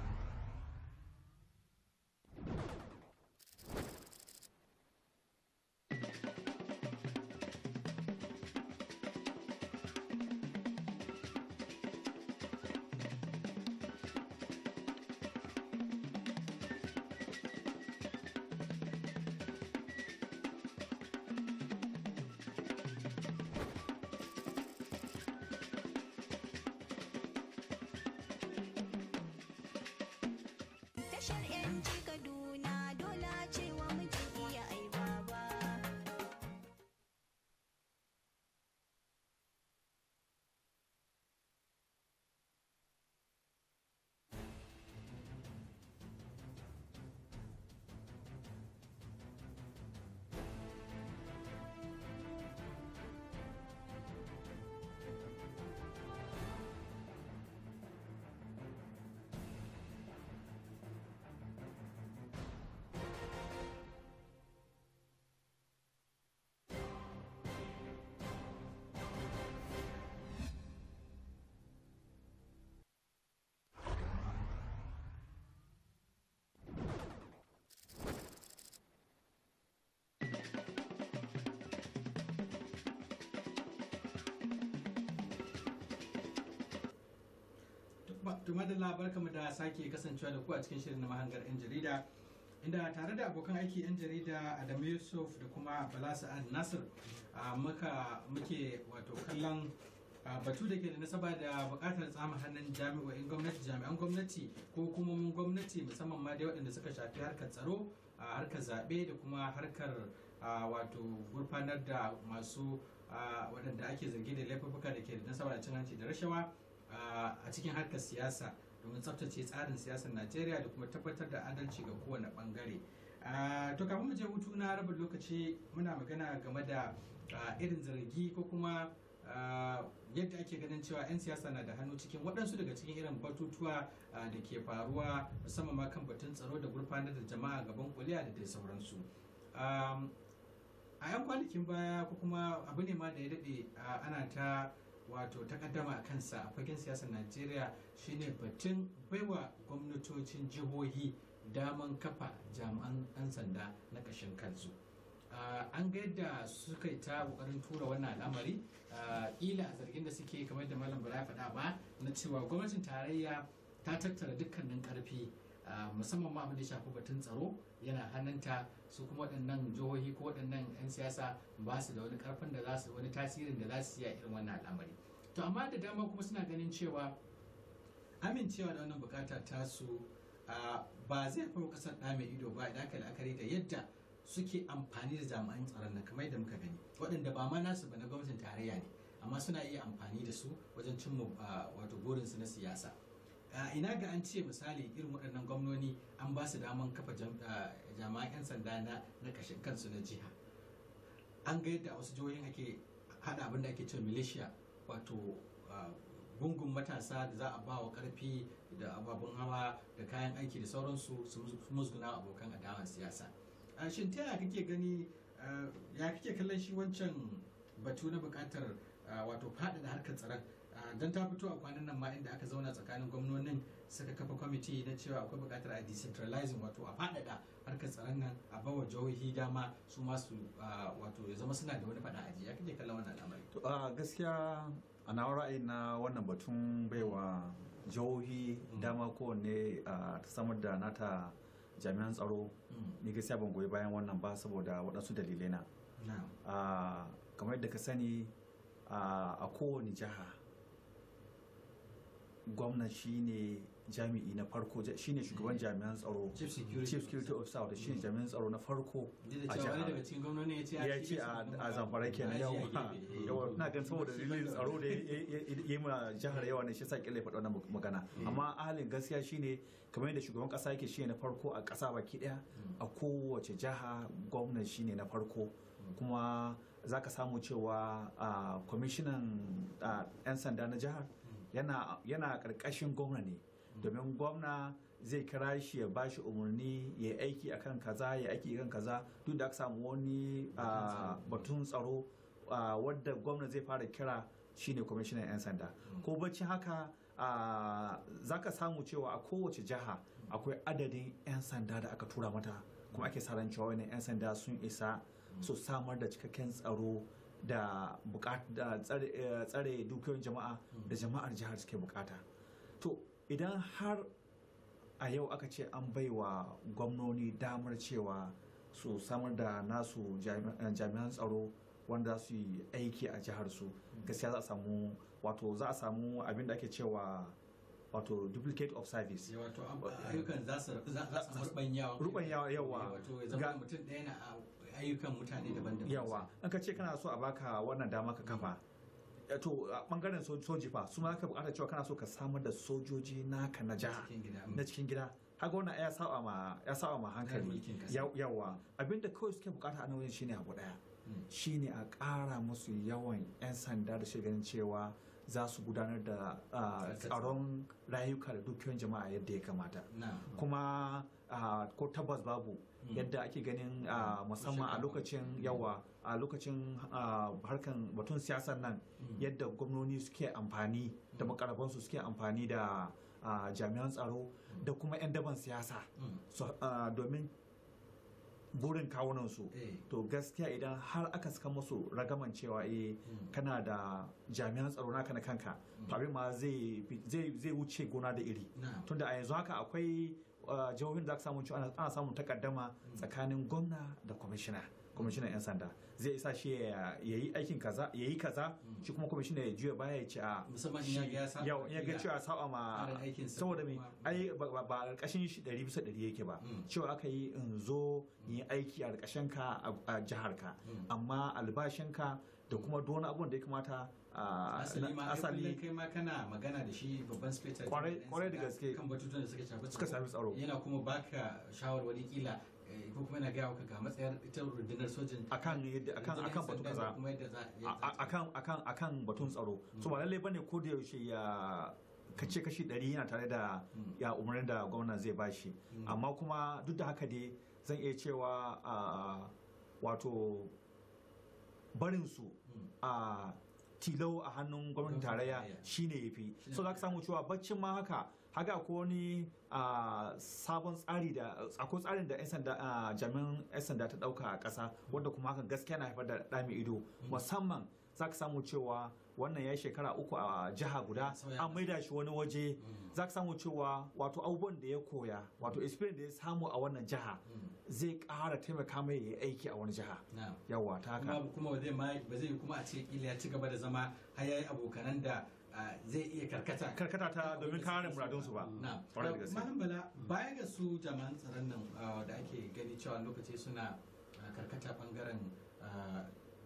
fashion in Chicago. tumadala barkamu da sake kasancewa da ku a cikin shirin na mahangar 'yan jarida inda tare da abokan aiki 'yan jarida adamu yusuf da kuma bala sa'ad nasir muka muke wato kallon batu da ke da nasaba da bukatar tsamin hannun jami'o'in gwamnati jami'an gwamnati ko kuma mun gwamnati musamman ma dai waɗanda suka shafi harkar tsaro harkar zaɓe da kuma harkar wato gurfanar da masu waɗanda ake zargi da laifuka da ke da nasaba da cin hanci da rashawa a cikin harkar siyasa domin tsaftace tsarin siyasar najeriya da kuma tabbatar da adalci ga kowane bangare to kafin mu je hutu na rabin lokaci muna magana game da irin zargi ko kuma yadda ake ganin cewa 'yan siyasa na da hannu cikin waɗansu daga cikin irin batutuwa da ke faruwa musamman ma kan batun tsaro da gurfanar da jama'a gaban kuliya da dai sauransu a yan kwanakin baya ko kuma abu ne ma da ya daɗe ana ta wato takaddama kansa a fagen siyasar najeriya shine batun baiwa gwamnatocin jihohi daman kafa jami'an 'yan sanda na ƙashin kansu an ga yadda suka yi ta ƙoƙarin tura wannan al'amari ila a zargin da suke kamar da malam bala ya faɗa ba na cewa gwamnatin tarayya ta tattara dukkanin ƙarfi. musamman ma abin da shafi batun tsaro yana hannunta su kuma waɗannan jihohi ko waɗannan 'yan siyasa ba su da wani karfin da za su wani tasirin da za su yi irin wannan al'amari to amma da dama kuma suna ganin cewa amincewa da wannan bukata su ba zai faru kasar ɗa mai ido ba idan aka la'akari da yadda suke amfani da jami'an tsaron nan kamar yadda muka gani waɗanda ba ma nasu ba na gwamnatin tarayya ne amma suna iya amfani da su wajen cimma wato burinsu na siyasa ina ga an ce misali irin waɗannan gwamnoni an ba su daman kafa jama'a 'yan sanda na kashin kansu na jiha an ga yadda wasu jihohin ake haɗa abin da ake ce militia wato gungun matasa da za a ba wa karfi da ababen hawa da kayan aiki da sauransu su musguna abokan adawan siyasa shin ta yaya kake gani ya kake kallon shi wancan batu na bukatar wato faɗaɗa harkar tsaron dan ta fito a kwanan nan ma inda aka zauna tsakanin gwamnonin suka kafa kwamiti na cewa akwai bukatar a decentralizing wato a faɗaɗa harkar tsaron nan a bawa jihohi dama su masu wato ya zama suna da wani faɗa aji ya kake kallon wannan al'amari. to a gaskiya a na ra'ayi na wannan batun baiwa jihohi mm. dama kowanne ta samar da nata jami'an tsaro mm. ni gaskiya ban goyi bayan wannan ba saboda waɗansu dalilai na kamar yadda ka sani a kowane jiha gwamna shine jami'i na farko shine shugaban mm. jami'an tsaro chief security officer da shine mm. jami'an tsaro na farko a jihar ya ce a zamfara na yawa yawa na gan saboda dalilin tsaro da ya yi ma jihar yawa ne shi sa kila faɗa wannan magana mm. amma ahalin gaskiya shine kamar yadda shugaban kasa yake shine na farko a ƙasa baki ɗaya a kowace jiha gwamna shine na farko kuma za ka samu cewa ah, kwamishinan ah, 'yan sanda na jihar yana karkashin gwamna ne mm. domin gwamna zai kira shi ya ba shi umarni ya aiki akan kaza ya aiki akan kaza duk da aka samu wani batun ah, tsaro ah, wadda gwamna zai fara kira shine kwamishinan 'yan sanda mm. ko bacci haka ah, za ka samu cewa a kowace jiha mm. akwai adadin 'yan sanda da aka tura mata kuma ake sa ran cewa 'yan sanda sun isa su samar da cikakken tsaro da eh, tsare dukiyoyin jama'a hmm. da jama'ar jihar suke bukata to idan har a yau aka ce an baiwa gwamnoni damar cewa su samar da nasu eh, jami'an tsaro wanda su yi aiki a jihar su hmm. gaskiya za a samu wato za a samu abin da ake cewa wato duplicate of service eh, wato ayyukan za su rubanyawa rubanyawa yawa wato zama mutum ɗaya na ayyukan mutane daban-daban yawa in ka ce kana so a baka wannan dama ka kafa eh, to a bangaren soji fa su ma ka bukata cewa kana so ka samar da sojoji naka na jiha na cikin gida haka mm. wannan ya saba ma ya saba ma hankali yawa abinda kawai suke bukata a nan shine abu daya mm. shine a ƙara musu yawan 'yan sanda da shirin cewa za su gudanar da ah, tsaron rayuka da dukiyoyin jama'a yadda ya kamata kuma ah, ko tabbas babu Mm. yadda ake ganin mm. ah, musamman a lokacin mm. yawa a lokacin ah, harkan batun siyasar nan yadda gwamnoni suke amfani da makarabansu suke amfani da ah, jami'an tsaro da kuma 'yan daban siyasa domin burin kawunansu eh. to gaskiya idan har aka saka musu ragaman cewa eh kana da jami'an tsaro naka na kanka to abin ma zai wuce gona da iri tunda a yanzu haka akwai Uh, jihohin da aka samu cewa ana samun takaddama tsakanin gwamna da kwamishina kwamishinan 'yan sanda zai isa shi ya yi aikin kaza ya yi kaza hmm. shi kuma kwamishina ya juya baya ya ce a ah, musamman ya ga cewa saba ma saboda mai ai ba a ƙarƙashin shi ɗari bisa ɗari yake ba hmm. cewa aka yi in zo yi aiki a ƙarƙashin ka a jihar ka hmm. amma albashin ka da kuma duwani wani abubuwan da ya kamata a asali kai ma kana magana da shi babban spectator kwarai da gaske kan batutuwan da suka shafi suka shafi tsaro yana kuma baka shawarwari kila eh, ko kuma yana gaya maka ga matsayar ita rundunar sojin akan yadda akan akan batun kaza akan akan akan batun tsaro so ba lalle bane ko da yaushe ya kace kashi 100 yana tare da hmm. ya umarnin da gwamna zai bashi hmm. amma kuma duk da haka dai zan iya cewa wato barin su a tilo a hannun gwamnatin tarayya shine fi so za ka samu cewa bacci ma haka haka ko wani sabon tsari da akwai tsarin da jami'an 'yan sanda ta dauka a kasa wanda kuma haka gaskiya na haifar da dami ido mm. musamman za ka samu cewa wannan ya shekara uku a jiha guda an maida shi wani waje mm. za ka samu cewa wato abubuwan da ya koya wato mm. experience da ya samu a wannan jiha mm. zai kara taimaka mai ya aiki a wani jiha yawa ta haka kuma ba zai kuma a ce ya ci gaba da zama har yayi abokanan da zai iya karkata karkata ta domin kare muradun su ba malam bala baya ga su jama'an tsaron nan da ake gani cewa lokaci suna karkata bangaren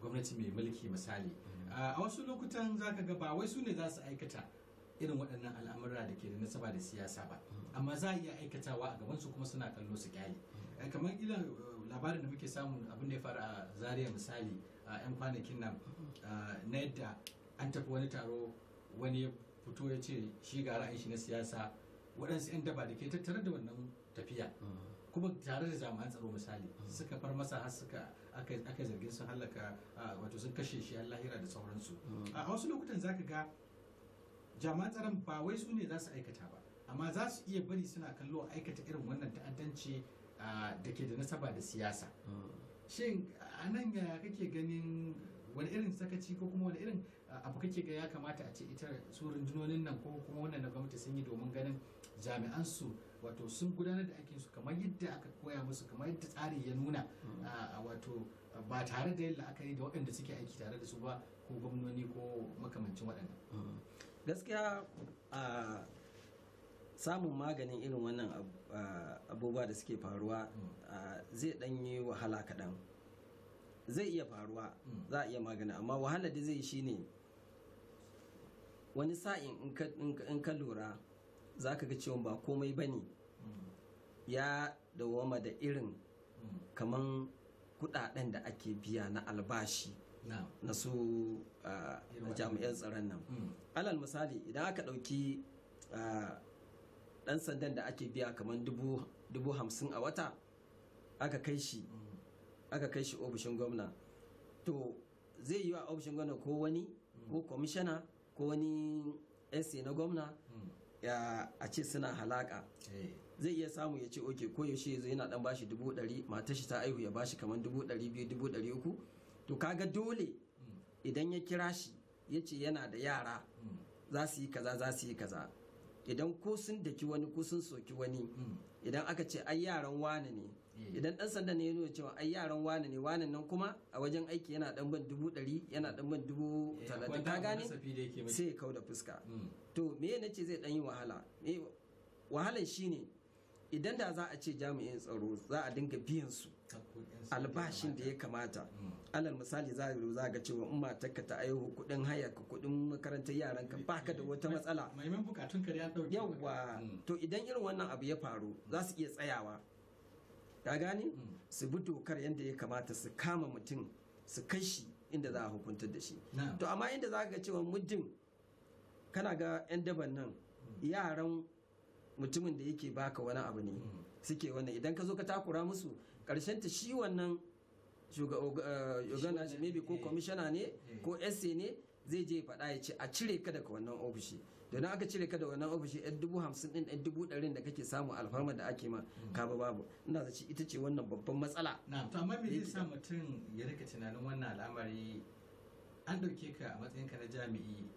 gwamnati mai mulki misali mm-hmm. a wasu lokutan za ka ga ba wai su ne za su aikata irin waɗannan al'amura da ke da nasaba da siyasa ba mm-hmm. amma za a iya aikatawa a gabansu kuma suna kallo su kyale mm-hmm. eh, kamar ilan eh, labarin da muke samun abin da ya fara a zaria misali a 'yan kwanakin nan na yadda an tafi wani taro wani ya fito ya ce shi ga ra'ayin shi na siyasa waɗansu 'yan daba da ke tattare da wannan tafiya kuma tare da jami'an tsaro misali suka far masa har suka aka zargin sun hallaka wato sun kashe shi an lahira da sauransu mm. a wasu lokutan zaka ga jami'an tsaron ba wai su ne za su aikata ba amma za su iya bari suna kallo a aikata irin wannan ta'addanci da ke da nasaba da siyasa mm. shin anan nan ya kake ganin wani irin sakaci ko kuma wani irin abu kake ga ya kamata a ce ita su rundunonin nan ko kuma wannan na gwamnati sun yi domin ganin jami'an su wato sun gudanar da aikinsu kamar yadda aka koya musu kamar yadda tsari ya nuna mm. wato ba tare da yin yi da waɗanda suke aiki tare da su ba ko gwamnoni ko makamancin waɗanda. Mm. gaskiya a samun maganin irin wannan abubuwa da suke faruwa mm. zai ɗanyi wahala kaɗan zai iya faruwa za a iya magana amma wahala da zai shi ne wani sa'in in ka lura za ka ga cewa ba komai ba ne ya dawama da irin hmm. kaman kudaden da ake biya na albashi na su jami'an tsaron nan hmm. alal misali idan aka ɗauki ɗan sandan da ake biya kamar dubu hamsin a wata aka kai shi hmm. aka kai shi ofishin gwamna to zai yi wa ofishin gwamna ko wani ko kwamishana ko wani sa na gwamna a ce suna halaka eh. zai iya samu ya ce oke ko yaushe yanzu yana dan bashi dubu ɗari matar shi ta aihu ya bashi kamar dubu ɗari biyu dubu ɗari uku to kaga dole idan ya kira shi ya ce yana da yara za su yi kaza za su yi kaza idan ko sun daki wani ko sun soki wani idan aka ce ai yaran wani ne eh. idan dan sanda ne ya nuna cewa ai yaran wani ne wani nan kuma a wajen aiki yana dan ban dubu ɗari yana dan ban dubu eh, talatin ka gane sai kau da fuska hmm. to me ne ce zai dan yi wahala wahalan shine idan da za a ce jami'in tsaro za a dinga biyan su albashin da ya kamata alal misali za a za ga cewa in matarka ta aihu kudin haya ka kudin makarantar yaran ka baka da wata matsala maimin bukatun ka ya dauke yawa hmm. to idan irin wannan abu ya faru za su iya tsayawa ka gane hmm. su bi dokar yadda ya kamata su kama mutum su kai shi inda za a hukuntar da shi to amma inda za ga cewa muddin kana ga 'yan daban nan hmm. yaran mutumin da yake baka wani abu ne mm. suke wannan idan ka zo ka takura musu karshen ta shi wannan shugaban uh, maybe ko kwamishana eh, ne eh. ko sa ne zai je faɗa ya ce a cire ka daga wannan ofishi don aka cire ka da wannan ofishi yan dubu hamsin ɗin yan dubu ɗarin da kake samu alfarma da ake ma mm. ka ba babu ina zaci ita ce wannan babban matsala na to amma me zai sa mutum ya rika tunanin wannan al'amari an ɗauke ka a matsayin ka na jami'i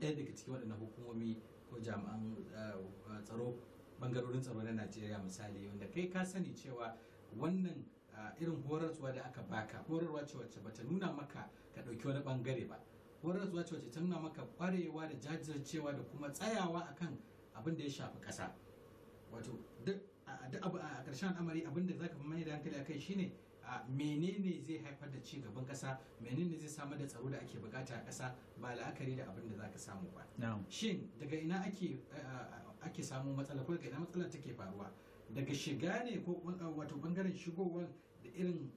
ɗaya daga cikin waɗannan hukumomi ko jami'an eh, eh, tsaro bangarorin tsaro na najeriya misali wanda kai ka sani cewa wannan eh, irin horarwa da aka baka horarwa ce wacce bata nuna maka ka ɗauki wani bangare ba horarwa ce wacce ta nuna maka kwarewa da jajircewa da kuma tsayawa akan abin da ya shafi ƙasa wato duk a ƙarshen al'amari abin da zaka mai da hankali akai shine menene zai haifar da ci gaban kasa menene zai samar da tsaro da ake bukata a kasa ba la'akari da abin da za ka samu ba shin daga ina ake eh, ake samu matsala ko daga ina matsalar take faruwa daga shiga ne ko eh, wato bangaren shigowar da irin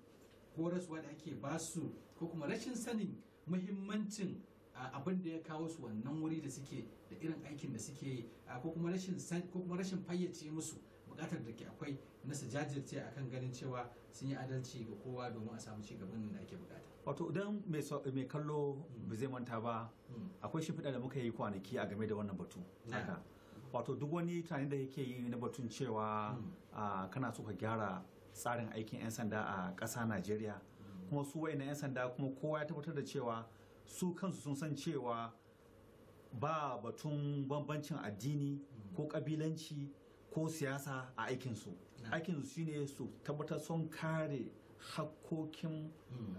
horaswa da ake basu ko kuma rashin sanin muhimmancin eh, abin da ya kawo su wannan wuri da suke da irin aikin da suke ko ko kuma rashin fayyace musu bukatar da ke akwai na su jajirce kan ganin cewa sun yi adalci ga kowa domin a samu cigaban da ake bukata wato idan mai kallo hmm. ba zai manta ba hmm. akwai shi fida da muka yi kwanaki a game da wannan batu wato duk wani tunani da yake yi na batun cewa hmm. kana so ka gyara tsarin aikin 'yan sanda a ƙasa najeriya kuma su wa'ina 'yan sanda kuma kowa ya tabbatar da cewa su kansu sun san cewa ba batun bambancin addini ko kabilanci ko siyasa a aikinsu aikinsu shine su tabbatar sun kare hakkokin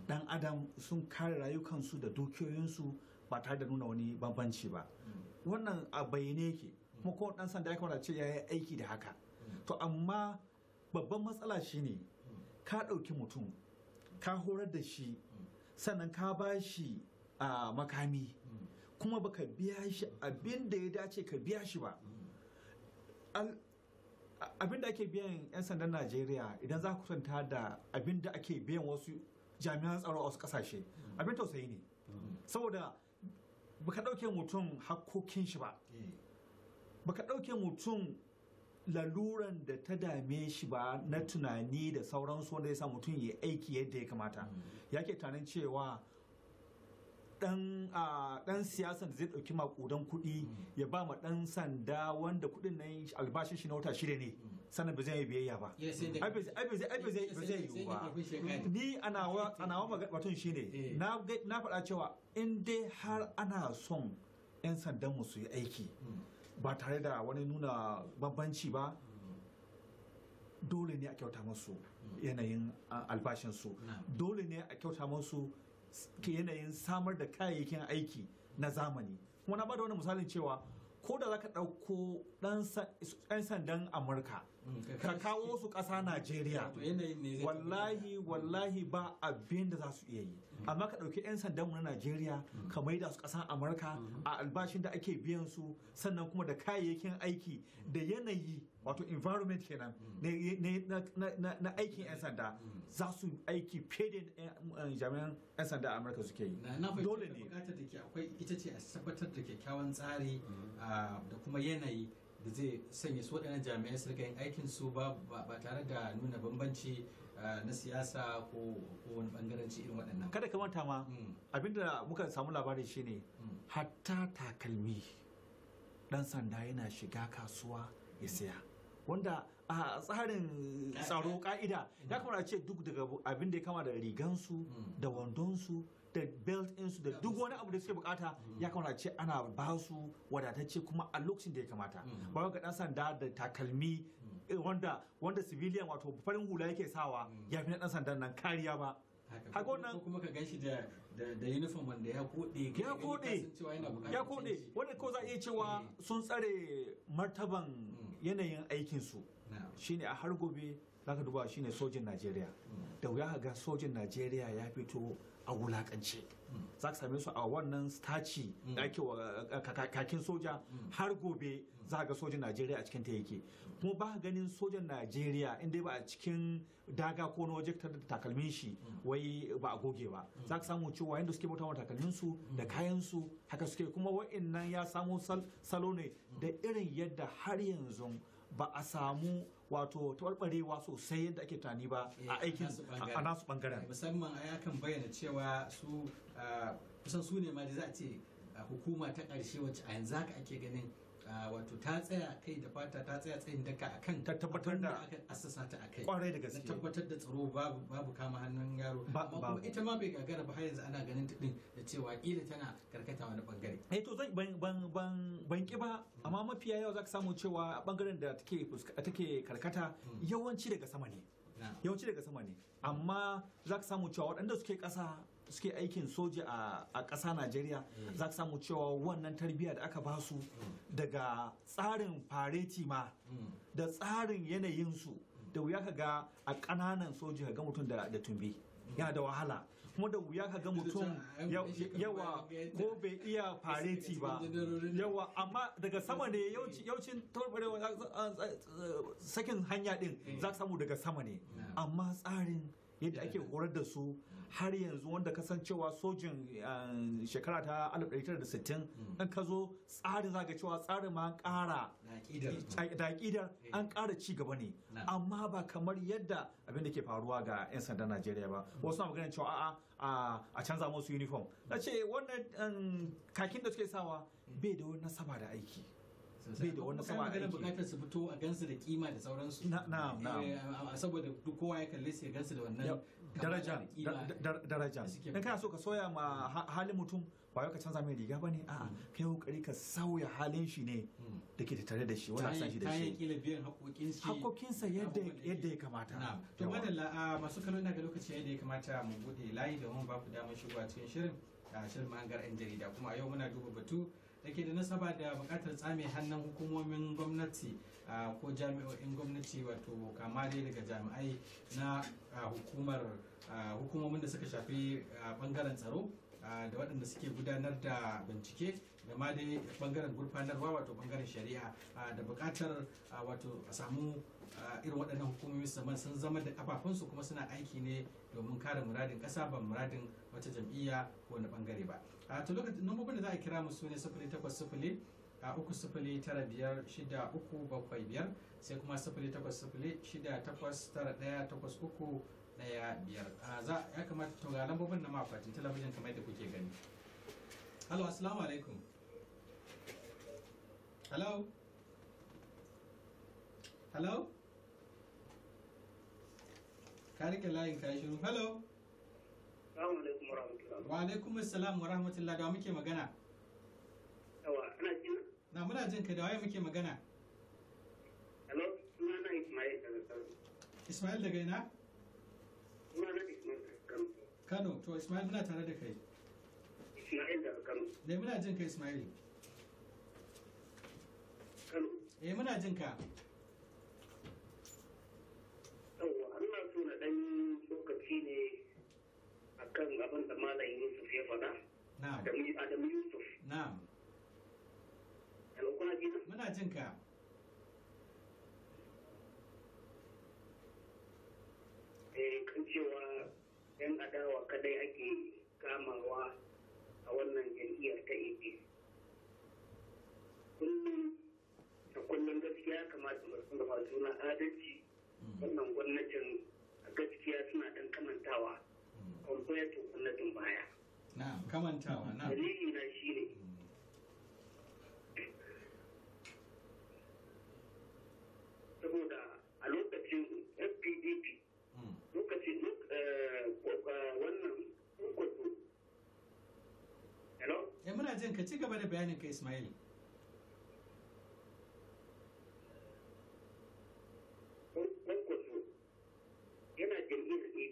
dan hmm. adam sun kare rayukansu da dukiyoyinsu ba tare da nuna wani bambanci ba hmm. wannan a bayyane yake hmm. kuma ko dan sanda ya kamata ce ya yi aiki da haka to amma babban matsala shine ka ɗauki mutum ka horar da shi sannan ka ba shi a makami kuma baka biya shi abin ya dace ka biya shi ba abin da ake biyan 'yan sandan najeriya idan za ku kusanta da abin da ake biyan wasu jami'an tsaro a wasu kasashe abin tausayi ne saboda ka ɗauke mutum hakkokin shi ba eh. baka ɗauke mutum laluran da ta dame shi ba na tunani da sauransu wanda ya sa mutum ya aiki yadda ya kamata mm. ya ke tunanin cewa dan siyasan da zai dauki makudan kudi ya ba ma dan sanda wanda kudin nan albashin shi na wata shida ne sannan ba zai yi biyayya ba ba zai yi ba ni ana wa batun shi ne eh. na faɗa cewa in dai har ana son 'yan sandan mu su yi aiki ba tare da wani nuna bambanci ba dole ne a kyauta musu hmm. yanayin albashinsu dole ne a kyauta musu ke yanayin samar da kayayyakin aiki na zamani kuma na bada wani misalin cewa ko da zaka ɗauko ɗan sandan amurka mm, ka kawo su ƙasa najeriya wallahi wallahi ba abin da za su iya yi amma ka ɗauki 'yan mu na najeriya ka maida su ƙasar amurka a albashin da ake biyan su sannan kuma da kayayyakin aiki da yanayi wato environment kenan na aikin 'yan sanda za su aiki fiye da jami'an 'yan sanda a amurka suke yi dole ne bukatar da ke akwai ita ce a tabbatar da kyakkyawan tsari mm-hmm. da kuma yanayi da zai sanya su waɗannan jami'an su rika yin aikin su ba tare da nuna bambanci Eh, na siyasa ko wani bangaranci irin waɗannan kada ka manta ma mm. abinda muka samu shi shine mm. hatta takalmi ɗan sanda yana shiga kasuwa ya mm. siya wanda a tsarin eh, tsaro ka'ida eh. ya kamata ce duk daga abinda ya kama da rigansu da wandonsu da belt insu da duk wani abu da suke bukata ya kamata ce ana ba su wadatacce kuma a lokacin da ya kamata ba ga dan sanda da takalmi Eh, wanda wanda civilian wato farin hula yake sawa mm. ya fi na dan sandan nan kariya ba haka wannan kuma ka ganshi da da uniform wanda ya kode ya kode ya kode wanda ko za a iya cewa eh. sun tsare martaban mm. yanayin aikin su shine a har gobe zaka duba shine sojin Najeriya mm. da wuya ka ga sojin Najeriya ya fito a wulakance za ka same su a wannan staci da ake kakin soja har gobe za ga sojan najeriya a cikin ta yake kuma ba ganin sojan najeriya inda ba a cikin daga ko na waje takalmin shi wai ba a goge ba za ka samu cewa yadda suke bauta takalmin su da kayan su haka suke kuma wa'annan ya samu salo ne da irin yadda har yanzu ba a samu wato tabarbarewa sosai yadda ake tani ba eh, a aikin a nasu bangaren musamman a yakan bayyana cewa su ah, kusan su ne ma da za a ce ah, hukuma ta karshe wacce a yanzu haka ake ganin wato ta tsaya kai da fata ta tsaya tsayin daka kan ta tabbatar da aka assasa ta akai kwarai da gaske tabbatar da tsaro babu babu kama hannun yaro amma kuma ita ma bai gagara ba har yanzu ana ganin ta din da cewa kila tana karkata wani bangare eh to zan ban ban ban ban ki ba hmm. amma mafiya yawa zaka samu cewa bangaren da take take karkata hmm. yawanci daga sama ne yawanci daga sama ne amma za samu cewa waɗanda suke ƙasa suke aikin soja a ƙasa najeriya mm. za ka samu cewa wannan tarbiyya da aka ba su mm. daga tsarin fareti ma mm. da tsarin yanayinsu da wuya ka ga a ƙananan soja ka ga mutum da tumbi yana da wahala kuma da wuya ka ga mutum yawa ko bai iya fareti ba yawa amma daga sama ne yaucin taurbarewa sakin hanya din za ka samu daga sama ne amma tsarin yadda ake horar da su har yanzu wanda kasancewa sojin eh, shekara ta 1960 hmm. in ka zo tsarin zaga cewa tsarin ma an ƙara daƙidar eh. an ƙara ci gaba ne amma ba kamar yadda abin da ke faruwa ga 'yan sandan najeriya ba hmm. wasu na maganin cewa a canza musu uniform na ce wannan um, kakin da suke sawa hmm. bai da wani nasaba da aiki bai da wani sama aiki bukatar su fito a gansu da kima da sauransu na'am na'am eh, saboda duk kowa ya kalle su ya gansu da wannan daraja daraja in kana so ka soya ma halin mutum ba yau ka canza mai riga bane a'a hmm. kai kokari ka sauya halin shi ne hmm. da ke tattare da shi wanda san shi da shi kila biyan hakokin shi hakokin sa yadda yadda ya kamata to madalla masu kallon daga lokaci yadda ya kamata mu bude layi domin ba ku damar shigowa cikin shirin a shirin mahangar 'yan jarida kuma a yau muna duba batu da ke da nasaba da bukatar tsame hannun hukumomin gwamnati ko jami'o'in gwamnati wato kama dai daga jami'ai na hukumar hukumomin da suka shafi bangaren tsaro da waɗanda suke gudanar da bincike da ma dai bangaren gurfanarwa wato bangaren shari'a da bukatar wato a samu irin waɗannan hukumomi musamman sun zama da kafafunsu kuma suna aiki ne domin kare muradin ƙasa ba muradin wata jam'iyya ko wani ɓangare ba a to lokacin nambobin da za a kira mu su ne sifili takwas sufuri a uku sufuri tara biyar shida uku bakwai biyar sai kuma sufuri takwas sufuri shida takwas tara ɗaya takwas uku ɗaya biyar za ya kamata to ga lambobin na mafatin talabijin kamar yadda kuke gani halo assalamu alaikum hello hello ka rike layin ka shiru hello wa alaikum assalam wa rahmatullah da muke magana yawa ana jin na muna jin ka da waye muke magana hello suna na ismail daga kano ismail daga ina suna na ismail kano kano to ismail muna tare da kai ismail daga kano ne muna jin ka ismail kano eh muna jin ka tsokaci ne akan abin da malam yusuf ya faɗa adam yusuf na'am kuna jina muna jin ka eh, kan cewa yan adawa kadai ake kamawa a wannan jam'iyyar ta ebe kullum da kullum gaskiya kamata mu juna adalci mm. wannan gwamnatin gaskiya suna dan kamantawa compared to gwamnatin baya na kamantawa na dalili na ne saboda a lokacin fpdp hmm. lokacin eh, wannan hello? Eh, muna jin ka ci gaba da bayanin ka ismail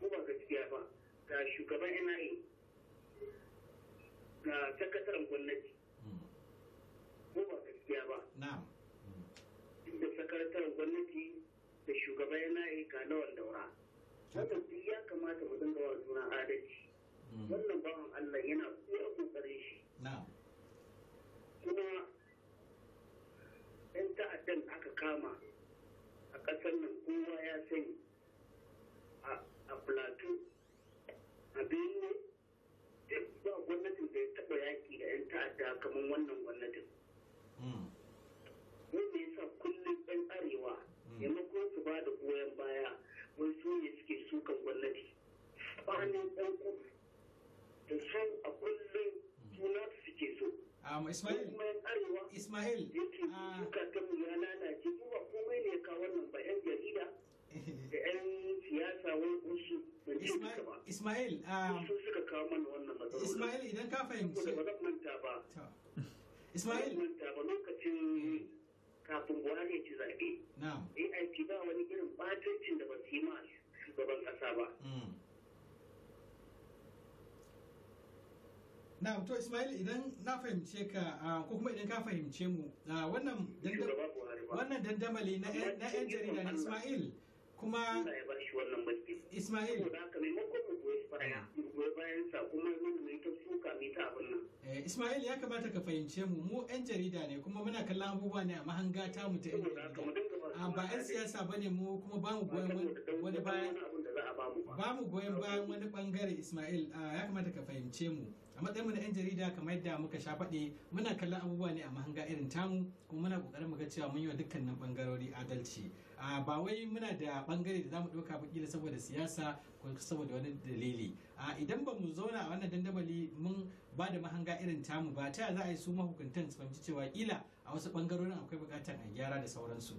ko ba gaskiya ba ga shugaban NIA ga sakataren gwamnati ko ba gaskiya ba da sakataren gwamnati da shugaban NIA ga lawan daura wannan duk ya kamata mu dinga wa juna adalci mm. wannan bawan Allah yana iya kokarin shi kuma yan ta'addan aka kama a ƙasar nan kowa ya sani a plateau a benue duk ba gwamnatin da ya taɓa yaki da 'yan ta'adda kamar wannan gwamnatin wanda hmm. ya sa kullum 'yan arewa hmm. maimakon su ba da goyon baya wai su ne suke sukan gwamnati tsakanin yan kudu da su a kullum hmm. suna suke so ah, Ismail, Ismail, Ismail, yake Ismail, ta Ismail, ya Ismail, kuma komai ne Ismail, wannan ba 'yan jarida da Ismail ah, Ismail idan ka fahimci ba zan manta ba Ismail ba lokacin kafin Buhari ya ci zaɓe ba wani irin batancin da ba su yi ma shugaban ƙasa ba mm. na fahimce ah, ko kuma idan ka fahimce mu ah, wannan dandamali na 'yan jarida ismail kuma Ismail ah. eh, Ismail ya kamata ka fahimce mu mu 'yan jarida ne kuma muna kallon abubuwa ne a mahanga ta mu ta a ba 'yan ah, siyasa ba ne mu kuma ba mu goyon wani bayan ba mu goyon bayan wani bangare Ismail ah, ya kamata ka fahimce mu a matsayin mu na 'yan jarida kamar yadda muka sha faɗi muna kallon abubuwa ne a mahanga irin tamu kuma muna ƙoƙarin mu ga cewa mun yi wa dukkanin bangarori adalci ba wai muna da bangare da zamu ɗauka bakila saboda siyasa ko saboda wani dalili idan ba mu zauna a wannan dandamali mun ba da mahanga irin tamu ba ta za a yi su mahukuntan su fahimci cewa kila a wasu bangarorin akwai bukatar a gyara da sauransu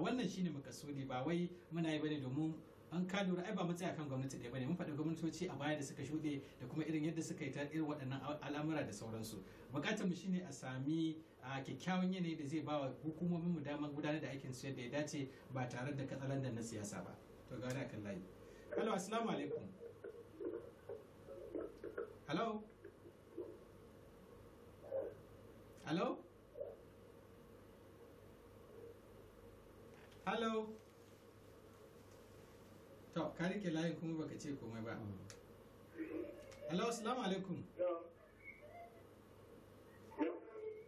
wannan shine makasudi ba wai muna yi bane domin an ka lura ai ba mu tsaya kan gwamnati ɗaya bane mun faɗi gwamnatoci a baya da suka shuɗe da kuma irin yadda suka yi ta irin waɗannan al'amura da sauransu bukatar mu shine a sami a kyakkyawan yanayi da zai ba wa hukumomin mu damar gudanar da aikin su yadda ya dace ba tare da katsalandan na siyasa ba to ga da kan layi hello assalamu alaikum hello hello hello to ka rike layin kuma baka ce komai ba mm. hello assalamu alaikum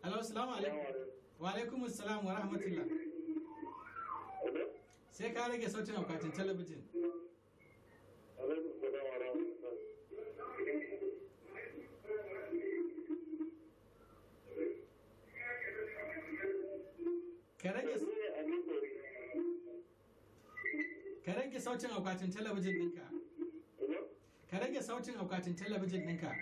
Hello, salamu alaikum. Wa alaikum wa Sai ka rage sautin akwatin talabijin. Ka rage sautin akwatin talabijin ɗinka. Ka rage sautin akwatin talabijin ɗinka.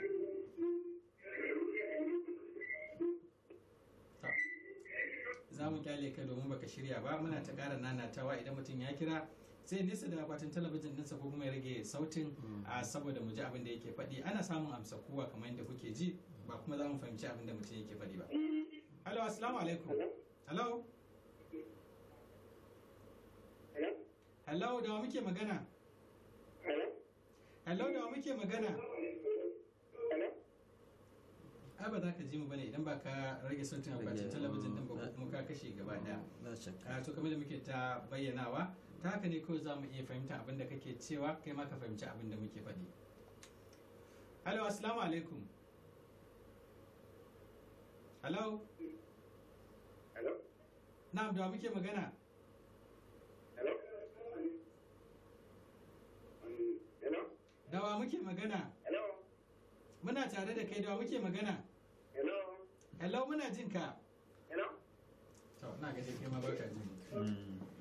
za mu kyale ka domin baka shirya ba muna ta ƙara nanatawa idan mutum ya kira sai nesa da akwatin talabijin ɗinsa ko kuma ya rage sautin a saboda mu ji abin da yake faɗi ana samun amsa kowa kamar yadda kuke ji ba kuma za mu fahimci abin da mutum yake faɗi ba. Hello, assalamu alaikum. Hello. Hello, da wa muke magana? Hello, da wa muke magana? ai ba za ka ji mu bane idan ba ka rage sautin akwatin talabijin din ba ko eh, kuma ka kashe gaba mm, daya ah, to kamar da muke ta bayyanawa ta haka ne kawai za mu iya fahimta abin da kake cewa kai ma ka fahimci abin da muke faɗi hello assalamu alaikum hello hello na'am da muke magana hello hello dawa muke magana hello muna tare da kai dawa muke magana hello hello muna jin hello to na ga ke ma barka jin mm,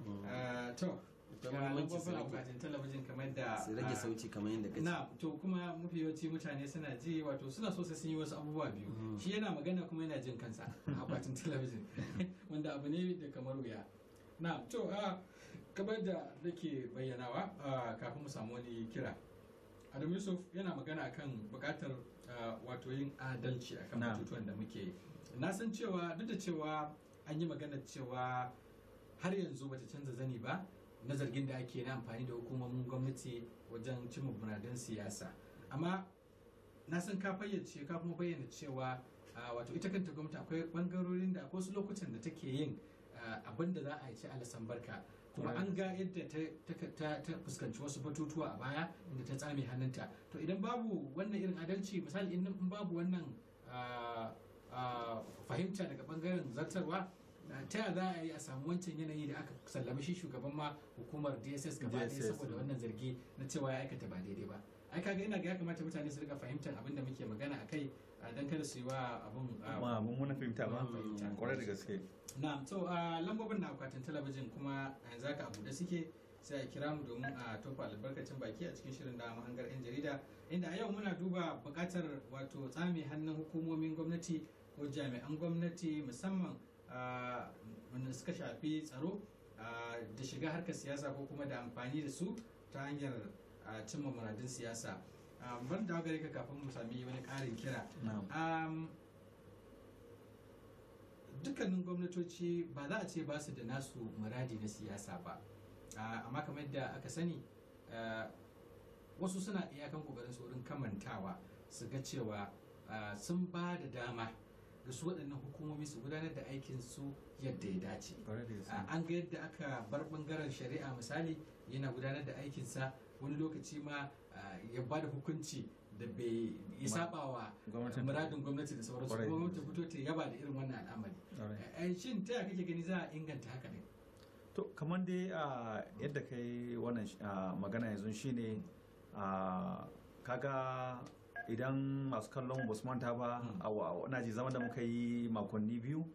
mm. Ah, to talabijin kamar da su rage ah, sauci kamar yadda kace na to kuma mafi yawanci mutane suna ji wato suna so sun yi wasu abubuwa biyu mm. shi yana magana kuma yana jin kansa a akwatin [LAUGHS] talabijin [LAUGHS] wanda abu ne da kamar wuya na to a ah, kamar da nake bayyanawa kafin mu samu wani kira adam yusuf yana magana kan bukatar wato yin adalci kan batutuwan da muke na san cewa duk da cewa an yi magana cewa har yanzu bata canza zani ba na zargin da ake na amfani da hukumomin gwamnati wajen cimma muradun siyasa amma na san ka fayyace ka kuma bayyana cewa wato ita kanta gwamnati akwai bangarorin da akwai wasu lokutan da take yin abin da za a yi ci alasan barka kuma an ga yadda ta fuskanci wasu batutuwa a baya inda ta tsame hannunta to idan babu wannan irin adalci misali in babu wannan ah, ah, fahimta daga bangaren zartarwa ah, ta yaya za a yi a samu wancan yanayi da aka sallama shi shugaban ma hukumar dss gaba ɗaya mm. saboda wannan zargi na cewa ya aikata ba daidai ba ai kaga ina ga ya kamata mutane su rika fahimtar abin da muke magana a kai don kada su yi wa abun ma muna fahimta ba mm, kwarai da gaske na to lambobin na akwatin talabijin kuma yanzu haka abu da suke sai a kira mu domin a tofa albarkacin baki a cikin shirin da mahangar 'yan jarida inda a yau muna duba bukatar wato tsami hannun hukumomin gwamnati ko jami'an gwamnati musamman wanda suka shafi tsaro da shiga harkar siyasa ko kuma da amfani da su ta hanyar cimma muradun siyasa Ah, ban da ka kafin mu sami wani karin kira dukkanin gwamnatoci ba za a ce ba su da nasu muradi na siyasa ba ah, amma kamar yadda aka sani ah, wasu suna iyakan kokarin su wurin kamantawa su ga cewa sun ba da dama da su waɗannan hukumomi su gudanar da aikin su yadda ya dace an ga yadda aka bar ɓangaren shari'a misali yana gudanar da aikinsa wani lokaci ma Eh, ya ba da hukunci da bai saba wa eh, muradin gwamnati da sauransu kuma gwamnati fito ta yaba da irin wannan al'amari eh, shin ta kake gani za a inganta haka ne to kamar dai ah, yadda kai wannan ah, magana yanzu shine ah, kaga idan masu kallon basu manta ba hmm. a ji zama da muka yi makonni biyu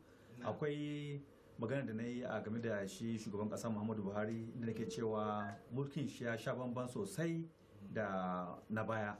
akwai magana da na yi a game da shi shugaban kasa muhammadu buhari inda nake cewa mulkin shi ya sha bamban sosai da na baya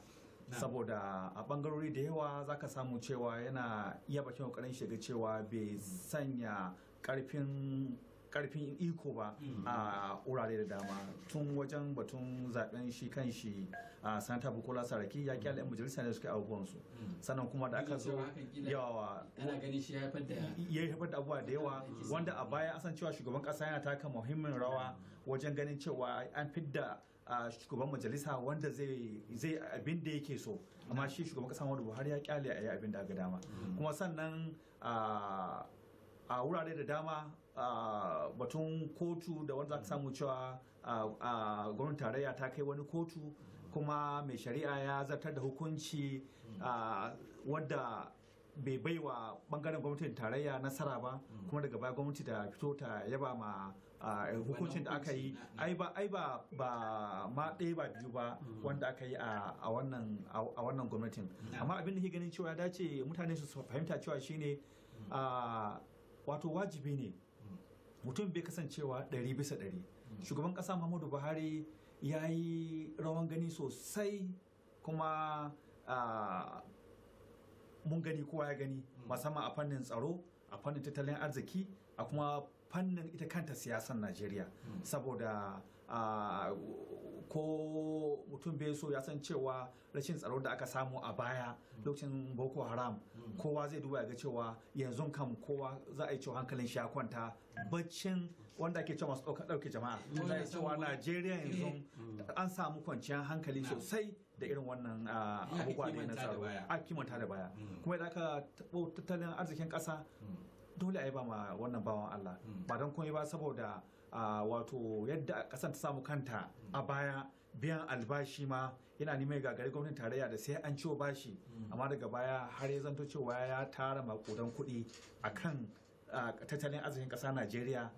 saboda a bangarori da yawa zaka samu cewa yana iya bakin kokarin shiga cewa bai sanya karfin karfin iko ba mm. a wurare da dama tun wajen batun zaben shi kan shi a sanata bukola saraki ya kyale yan majalisa ne suke abubuwan mm. sannan kuma da aka zo yawa ana shi da haifar da abubuwa da yawa wanda a baya asan cewa shugaban kasa yana taka muhimmin rawa wajen ganin cewa an fidda a shugaban majalisa wanda zai abin da yake so amma shi shugaban kasa wanda buhari ya kyale a yi abin da aka dama mm-hmm. kuma sannan a wurare da dama batun kotu da wanda aka samu cewa gwamnatin tarayya ta kai wani kotu kuma mai shari'a ya zartar da hukunci wadda bai baiwa bangaren gwamnatin tarayya nasara ba mm-hmm. kuma daga baya gwamnati da fito ta yaba ma hukuncin da aka yi ai ba ai ba ba ma ɗaya ba biyu ba mm. wanda aka yi a wannan a wannan gwamnatin mm. amma abin da ke ganin cewa ya dace mutane su fahimta cewa shine mm. wato wajibi ne mutum bai kasancewa ɗari bisa ɗari shugaban ƙasa muhammadu buhari ya yi rawan gani sosai kuma mun gani kowa ya gani musamman a fannin tsaro a fannin tattalin arziki a kuma fannin ita kanta siyasar najeriya hmm. saboda ko mutum bai so ya san cewa rashin tsaro da aka samu a baya hmm. lokacin boko haram hmm. kowa zai duba ga cewa yanzu kan kowa za a yi cewa hankalin shi ya kwanta baccin wanda ake cewa masu ɗauke jama'a za a cewa najeriya yanzu an samu kwanciyar hankali sosai da irin wannan abubuwa ne na tsaro a kimanta da baya kuma idan aka tattalin arzikin ƙasa dole a yi ba ma wannan bawan Allah hmm. ba don yi ba saboda wato yadda kasan ta samu kanta a hmm. baya biyan albashi ma yana neman gagari gwamnatin tarayya da sai an ciwo bashi hmm. amma daga baya har ya zanto cewa ya tara makudan kuɗi kan tattalin arzikin ƙasa Najeriya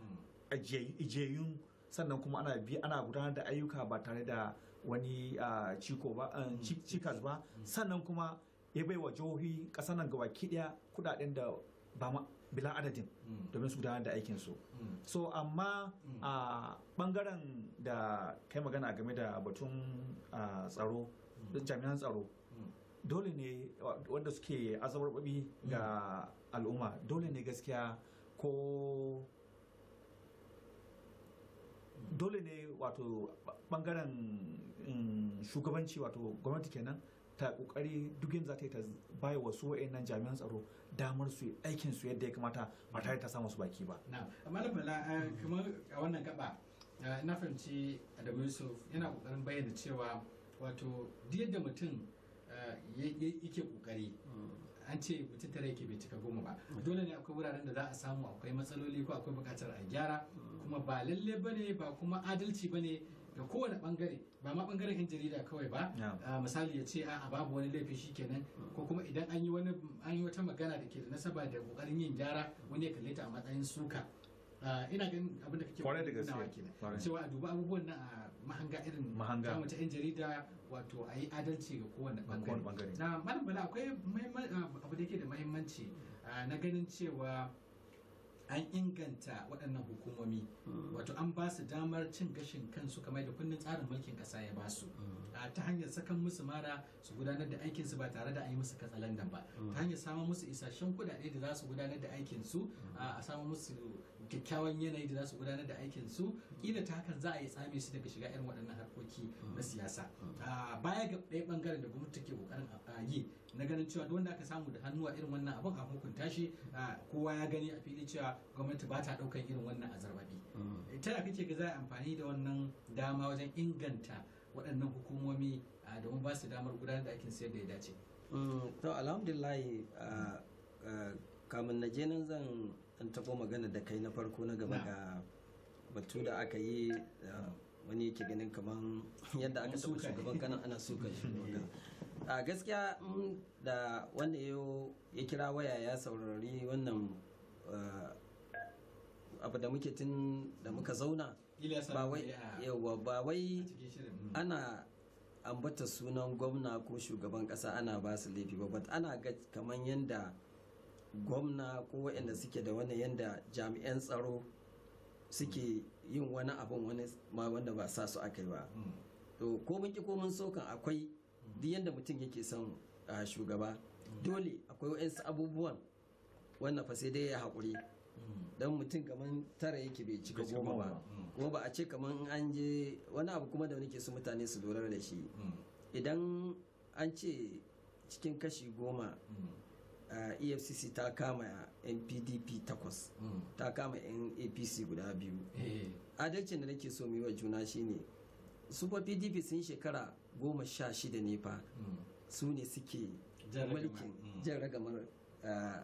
ajiyayun sannan kuma ana bi ana gudanar da ayyuka ba tare da wani ciko ba cikas ba sannan kuma ya bai wa jihohi ƙasar nan gaba ɗaya kuɗaɗen da ba bila adadin hmm. domin su gudanar da aikin su hmm. so amma hmm. a bangaren da kai magana game da batun tsaro jami'an tsaro dole ne wanda suke babi ga al'umma dole ne gaskiya ko dole ne wato bangaren mm, shugabanci wato gwamnati kenan ta kokari duk yadda za ta yi ta bai wasu wa'annan jami'an tsaro damar su aikin su yadda ya kamata ba tare ta samu su baki ba malam bala eh, kamar a wannan gaba eh, na fahimci adamu yusuf yana kokarin bayyana cewa wato yadda mutum eh, yake kokari an ce mutum tare yake bai cika goma ba dole ne akwai wuraren da za a samu akwai matsaloli ko akwai bukatar a gyara kuma ba lalle ba ba kuma adalci bane da kowane bangare ba ma bangaren yan jarida kawai ba misali ya ce a babu wani laifi kenan ko kuma idan an yi wani wata magana da ke da nasaba da kokarin yin gyara wani ya kalle ta a matsayin suka ina ganin abin da kake kwarai da gaske cewa a duba abubuwan nan a mahanga irin mahanga ta yan jarida wato a yi adalci ga kowane bangare na malam bala akwai abu da ke da muhimmanci na ganin cewa an inganta waɗannan hukumomi hmm. wato an ba su damar cin gashin kansu kamar da kunnin tsarin mulkin ƙasa ya ba su hmm. ta hanyar sakan musu mara su gudanar da aikin su ba tare da an yi musu katsalandan ba ta hmm. hanyar samun musu isasshen kuɗaɗe da za su gudanar da aikin su a samun musu kyakkyawan yanayi da za su gudanar da aikin su kila ta hakan za a yi tsame su daga shiga irin waɗannan harkoki na mm. siyasa mm. Ah, baya ga ɗaya da da gwamnati ke a yi na ganin cewa duk wanda aka samu da hannu a irin wannan abin a hukunta shi ah, kowa ya gani a fili cewa gwamnati ba ta ɗaukan irin wannan azarbabi mm. ta kake ga za a amfani da wannan dama wajen inganta waɗannan hukumomi ah, domin ba su damar gudanar da aikin su yadda ya dace. to alhamdulillah kamun na nan zan an taɓo magana da kai na farko na gaba ga batu da aka yi wani yake ganin kamar yadda aka taɓa shugaban kanan ana suka shugaban a gaskiya mm, da wanda ya kira waya ya saurari wannan eh, abu da muke tun da muka zauna ba wai hmm. ana ambata sunan gwamna ko shugaban kasa ana ba su laifi ba ana ga kamar yadda gwamna ko waɗanda mm. suke da wani yanda jami'an tsaro suke mm. yin wani abin wani ma wanda ba sa su aka yi ba mm. to ko mun ki ko mun so akwai duk yanda mutum yake son ah, shugaba dole akwai waɗansu abubuwan wannan fa sai dai ya haƙuri dan mutum kamar tara yake bai cika goma ba kuma ba a ce kamar an je wani abu kuma da nake su mutane su lura da shi idan an ce cikin kashi goma Uh, efcc ta kama NPDP 8 takwas hmm. ta kama yan apc guda biyu eh. adalcin da nake so yi wa juna shine super pdp sun shekara goma sha shida ne fa hmm. su ne suke mulkin jan ragamar hmm. uh,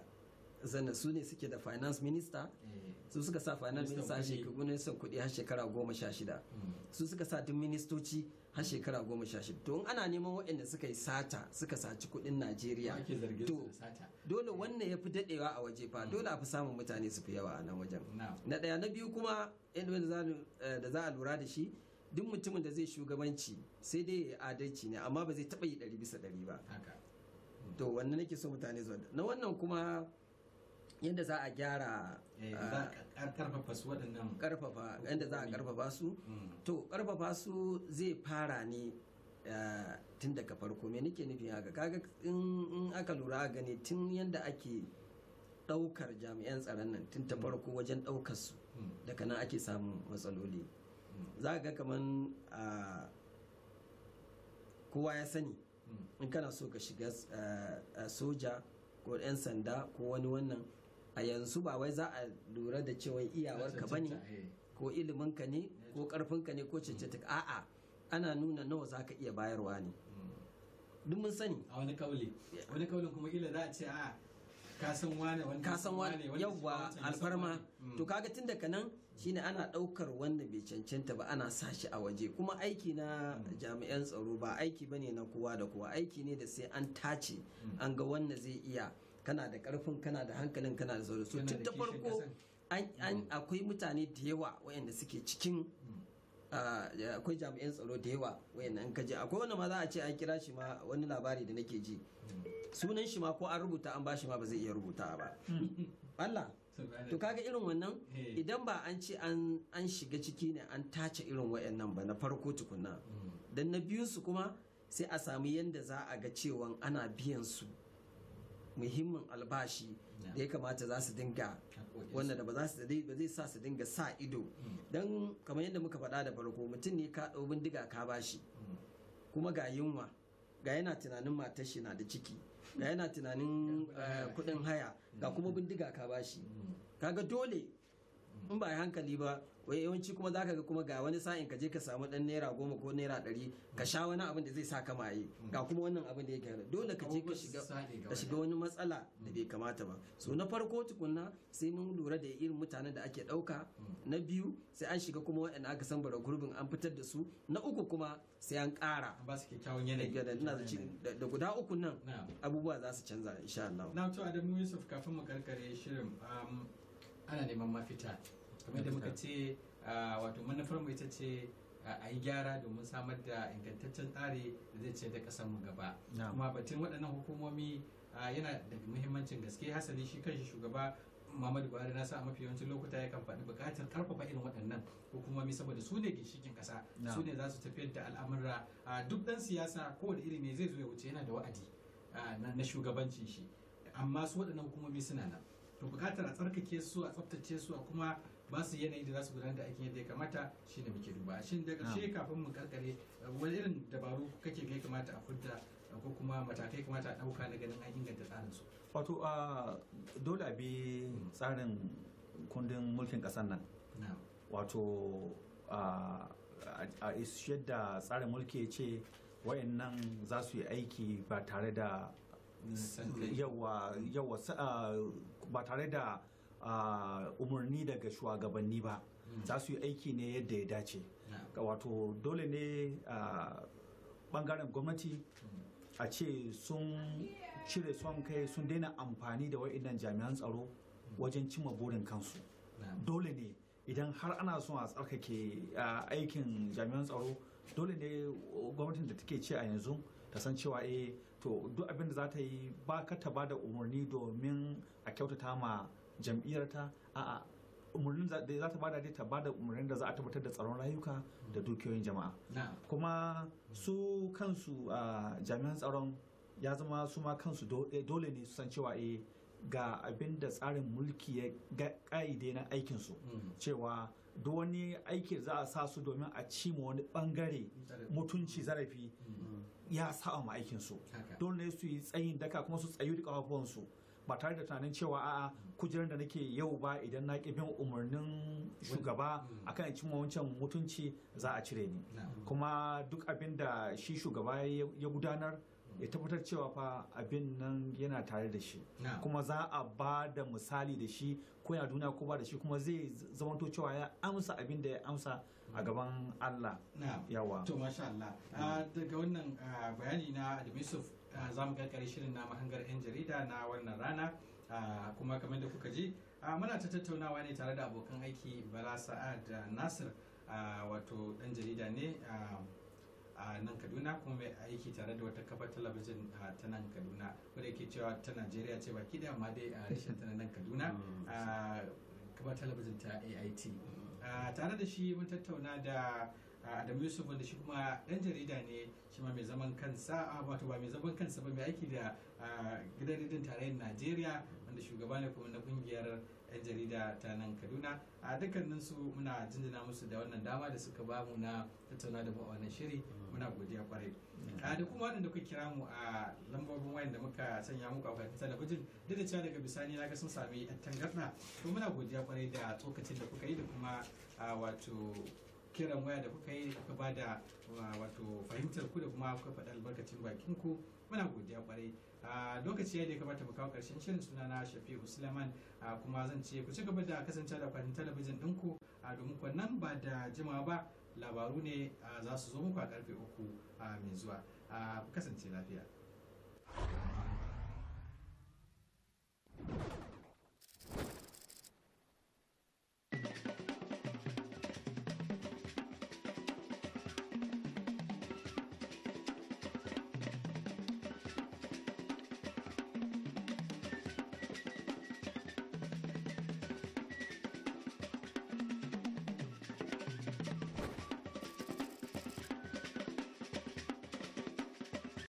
zanna su ne suke da finance minister eh. su suka sa finance minister a shekaru ne son kudi har shekara goma sha shida su suka sa duk ministoci har shekara goma sha shida to ana neman waɗanda suka yi sata suka saci kuɗin najeriya to dole eh. wannan ya fi daɗewa a waje fa mm. dole a fi samun mutane su fi yawa a nan wajen na ɗaya na biyu kuma eh, da za a lura da shi duk mutumin da zai shugabanci sai dai ya adalci ne amma ba zai taɓa yi ɗari bisa ɗari ba to wannan nake so mutane zuwa na wannan kuma yadda za a gyara eh, ah, karfafa su yadda za a karfafa su mm. to karfafa su zai fara ne ah, tun daga farko me nake nufin haka kaga in aka lura gani tun yadda ake ɗaukar jami'an tsaron nan tun ta mm. farko wajen ɗaukar su mm. daga nan ake samun matsaloli za ga kamar ah, kowa ya sani in kana so ka shiga soja ko 'yan sanda ko wani wannan a yanzu ba wai za a lura da cewa iyawarka ba ne ko ka ne ko eh, ka ne ko cancanta a'a ana nuna nawa za ka iya bayarwa ne hmm. duk mun sani a wani kauli wani kaulin kuma kila za a ce a kasan wane wani kasan wane yawwa alfarma hmm. to kaga tun daga nan shine ana daukar wanda bai cancanta ba ana sa shi a waje kuma aiki na hmm. jami'an tsaro ba aiki bane na kowa da kowa aiki ne da sai an tace an ga wanda zai iya kana da karfin kana da hankalin kana da zaune so tun da farko mm. akwai mutane da yawa wayanda suke cikin mm. ah, akwai jami'an tsaro da yawa wayanda an kaji akwai wanda ma za a ce an kira shi ma wani labari da nake ji mm. sunan shi ma ko an rubuta an bashi ma ba zai iya rubuta ba Allah to kaga irin wannan eh. idan ba an ce an shiga ciki ne an tace irin wayannan ba na farko tukunna dan na biyu su kuma sai a samu yanda za a ga cewa ana biyan su muhimmin albashi da ya kamata za su dinga wanda da ba za su ba zai sa su dinga sa ido hmm. don kamar yadda muka faɗa da farko mutum ne ka ɗau bindiga ka bashi hmm. kuma ga yunwa ga yana tunanin matar shi na da ciki ga yana tunanin eh, kuɗin haya ga kuma hmm. bindiga ka bashi kaga dole in ba hankali ba wai yawanci kuma zaka ga kuma ga wani sa'in ka je ka samu dan naira goma ko naira ɗari ka sha wani abin da zai sa ka maye ga kuma wannan abin da yake dole ka je ka shiga wani matsala da bai kamata ba so na farko tukunna sai mun lura da irin mutanen da ake ɗauka na biyu sai an shiga kuma waɗanda aka san bara gurbin an fitar da su na uku kuma sai an ƙara ba su kyakkyawan yanayi da guda uku nan abubuwa za su canza insha Allah na to Adamu Yusuf kafin mu karkare shirin um, ana neman mafita kamar da muka ce wato manufar mu ita ce a yi gyara domin samar da ingantaccen tsari da zai ce da kasar mu gaba kuma batun waɗannan hukumomi yana da muhimmancin gaske hasali shi kanshi shugaba Muhammadu Buhari na sa a mafi yawancin lokuta ya kan faɗi buƙatar karfafa irin waɗannan hukumomi saboda su ne ginshikin ƙasa su ne za su tafiyar da al'amura duk ɗan siyasa ko wani iri ne zai zo ya wuce yana da wa'adi na shugabancin shi amma su waɗannan hukumomi suna nan to buƙatar a tsarkake su a tsaftace su a kuma ba su yanayin da za su gudanar da aikin yadda ya kamata shi ne muke duba shi da ƙarshe kafin mu karkare wani irin dabaru kake ga ya kamata a fudda ko kuma matakai kamata a ɗauka na ganin an inganta tsarin su wato dole bi tsarin kundin mulkin ƙasar nan wato a yadda tsarin mulki ya ce wayannan za su yi aiki ba tare da yawa ba tare da umarni daga shugabanni ba hmm. za su yi aiki ne yadda ya dace wato dole ne bangaren gwamnati hmm. a ce sun cire son kai sun daina amfani da wa'idan jami'an tsaro hmm. wajen cimma burin kansu dole ne idan har ana son a tsarkake aikin jami'an tsaro dole ne gwamnatin da take ce a yanzu ta san cewa eh to duk abin da za ta yi ba ka ta ba da umarni domin a kyautata ma jam'iyyar ta a'a umarnin da za ta bada dai ta bada umarnin da za a tabbatar da tsaron rayuka da dukiyoyin jama'a kuma su kansu a jami'an tsaron ya zama su ma kansu eh, dole ne su san cewa eh ga abin da tsarin mulki ya ga ka'ide na aikinsu mm-hmm. cewa duk wani aiki za a sa su domin a ci ma wani bangare mutunci zarafi mm-hmm. ya sa ma aikinsu dole ne su yi tsayin daka kuma su tsayu da kafafuwansu ba tare da tunanin cewa a'a kujerar da nake yau ba idan na ƙi bin umarnin shugaba mm. akan cin wancan mutunci za a cire ni kuma duk abin da shi shugaba ya gudanar ya tabbatar cewa fa abin nan yana tare da shi kuma za a ba da misali da shi ko yana duniya ko ba da shi kuma zai zamanto cewa ya amsa abin da ya amsa a mm. gaban Allah yawa to masha Allah mm. ah, daga wannan ah, bayani na Adam Yusuf Ah, za mu karkare shirin na mahangar 'yan jarida na wannan rana ah, kuma kamar da kuka ji ah, muna ta tattaunawa ne tare da abokan aiki bala sa'ad nasir wato dan jarida ne a nan kaduna kuma mai aiki tare da wata kafar talabijin ta nan kaduna wadda yake cewa ta najeriya ce baki da amma dai a rashin ta nan kaduna [LAUGHS] mm. kafar talabijin ta ait tare da shi mun tattauna da Adamu Yusuf wanda shi kuma ɗan jarida ne shi ma mai zaman kansa wato ba mai zaman kansa ba mai aiki da gidan rediyon tarayyar Najeriya wanda shugaba ne kuma na kungiyar 'yan jarida ta nan Kaduna a dukkanin su muna jinjina musu da wannan dama da suka ba mu na tattauna da mu a wannan shiri muna godiya kwarai da kuma waɗanda kuka kira mu a lambobin wayan da muka sanya muku a kwatin talabijin duk da cewa daga bisani na ga sun sami tangarɗa to muna godiya kwarai da tsokacin da kuka yi da kuma wato kiran waya da kuka yi kuka ba da wato fahimtar ku da kuma kuka faɗa albarkacin bakin ku muna godiya kwarai a lokaci ya da kamata mu kawo karshen shirin suna na shafi'u sulaiman kuma zan ce ku ci gaba da kasance da kwanin talabijin ɗinku domin kwanan ba da jima ba labaru ne za su zo muku a karfe uku mai zuwa kasance lafiya.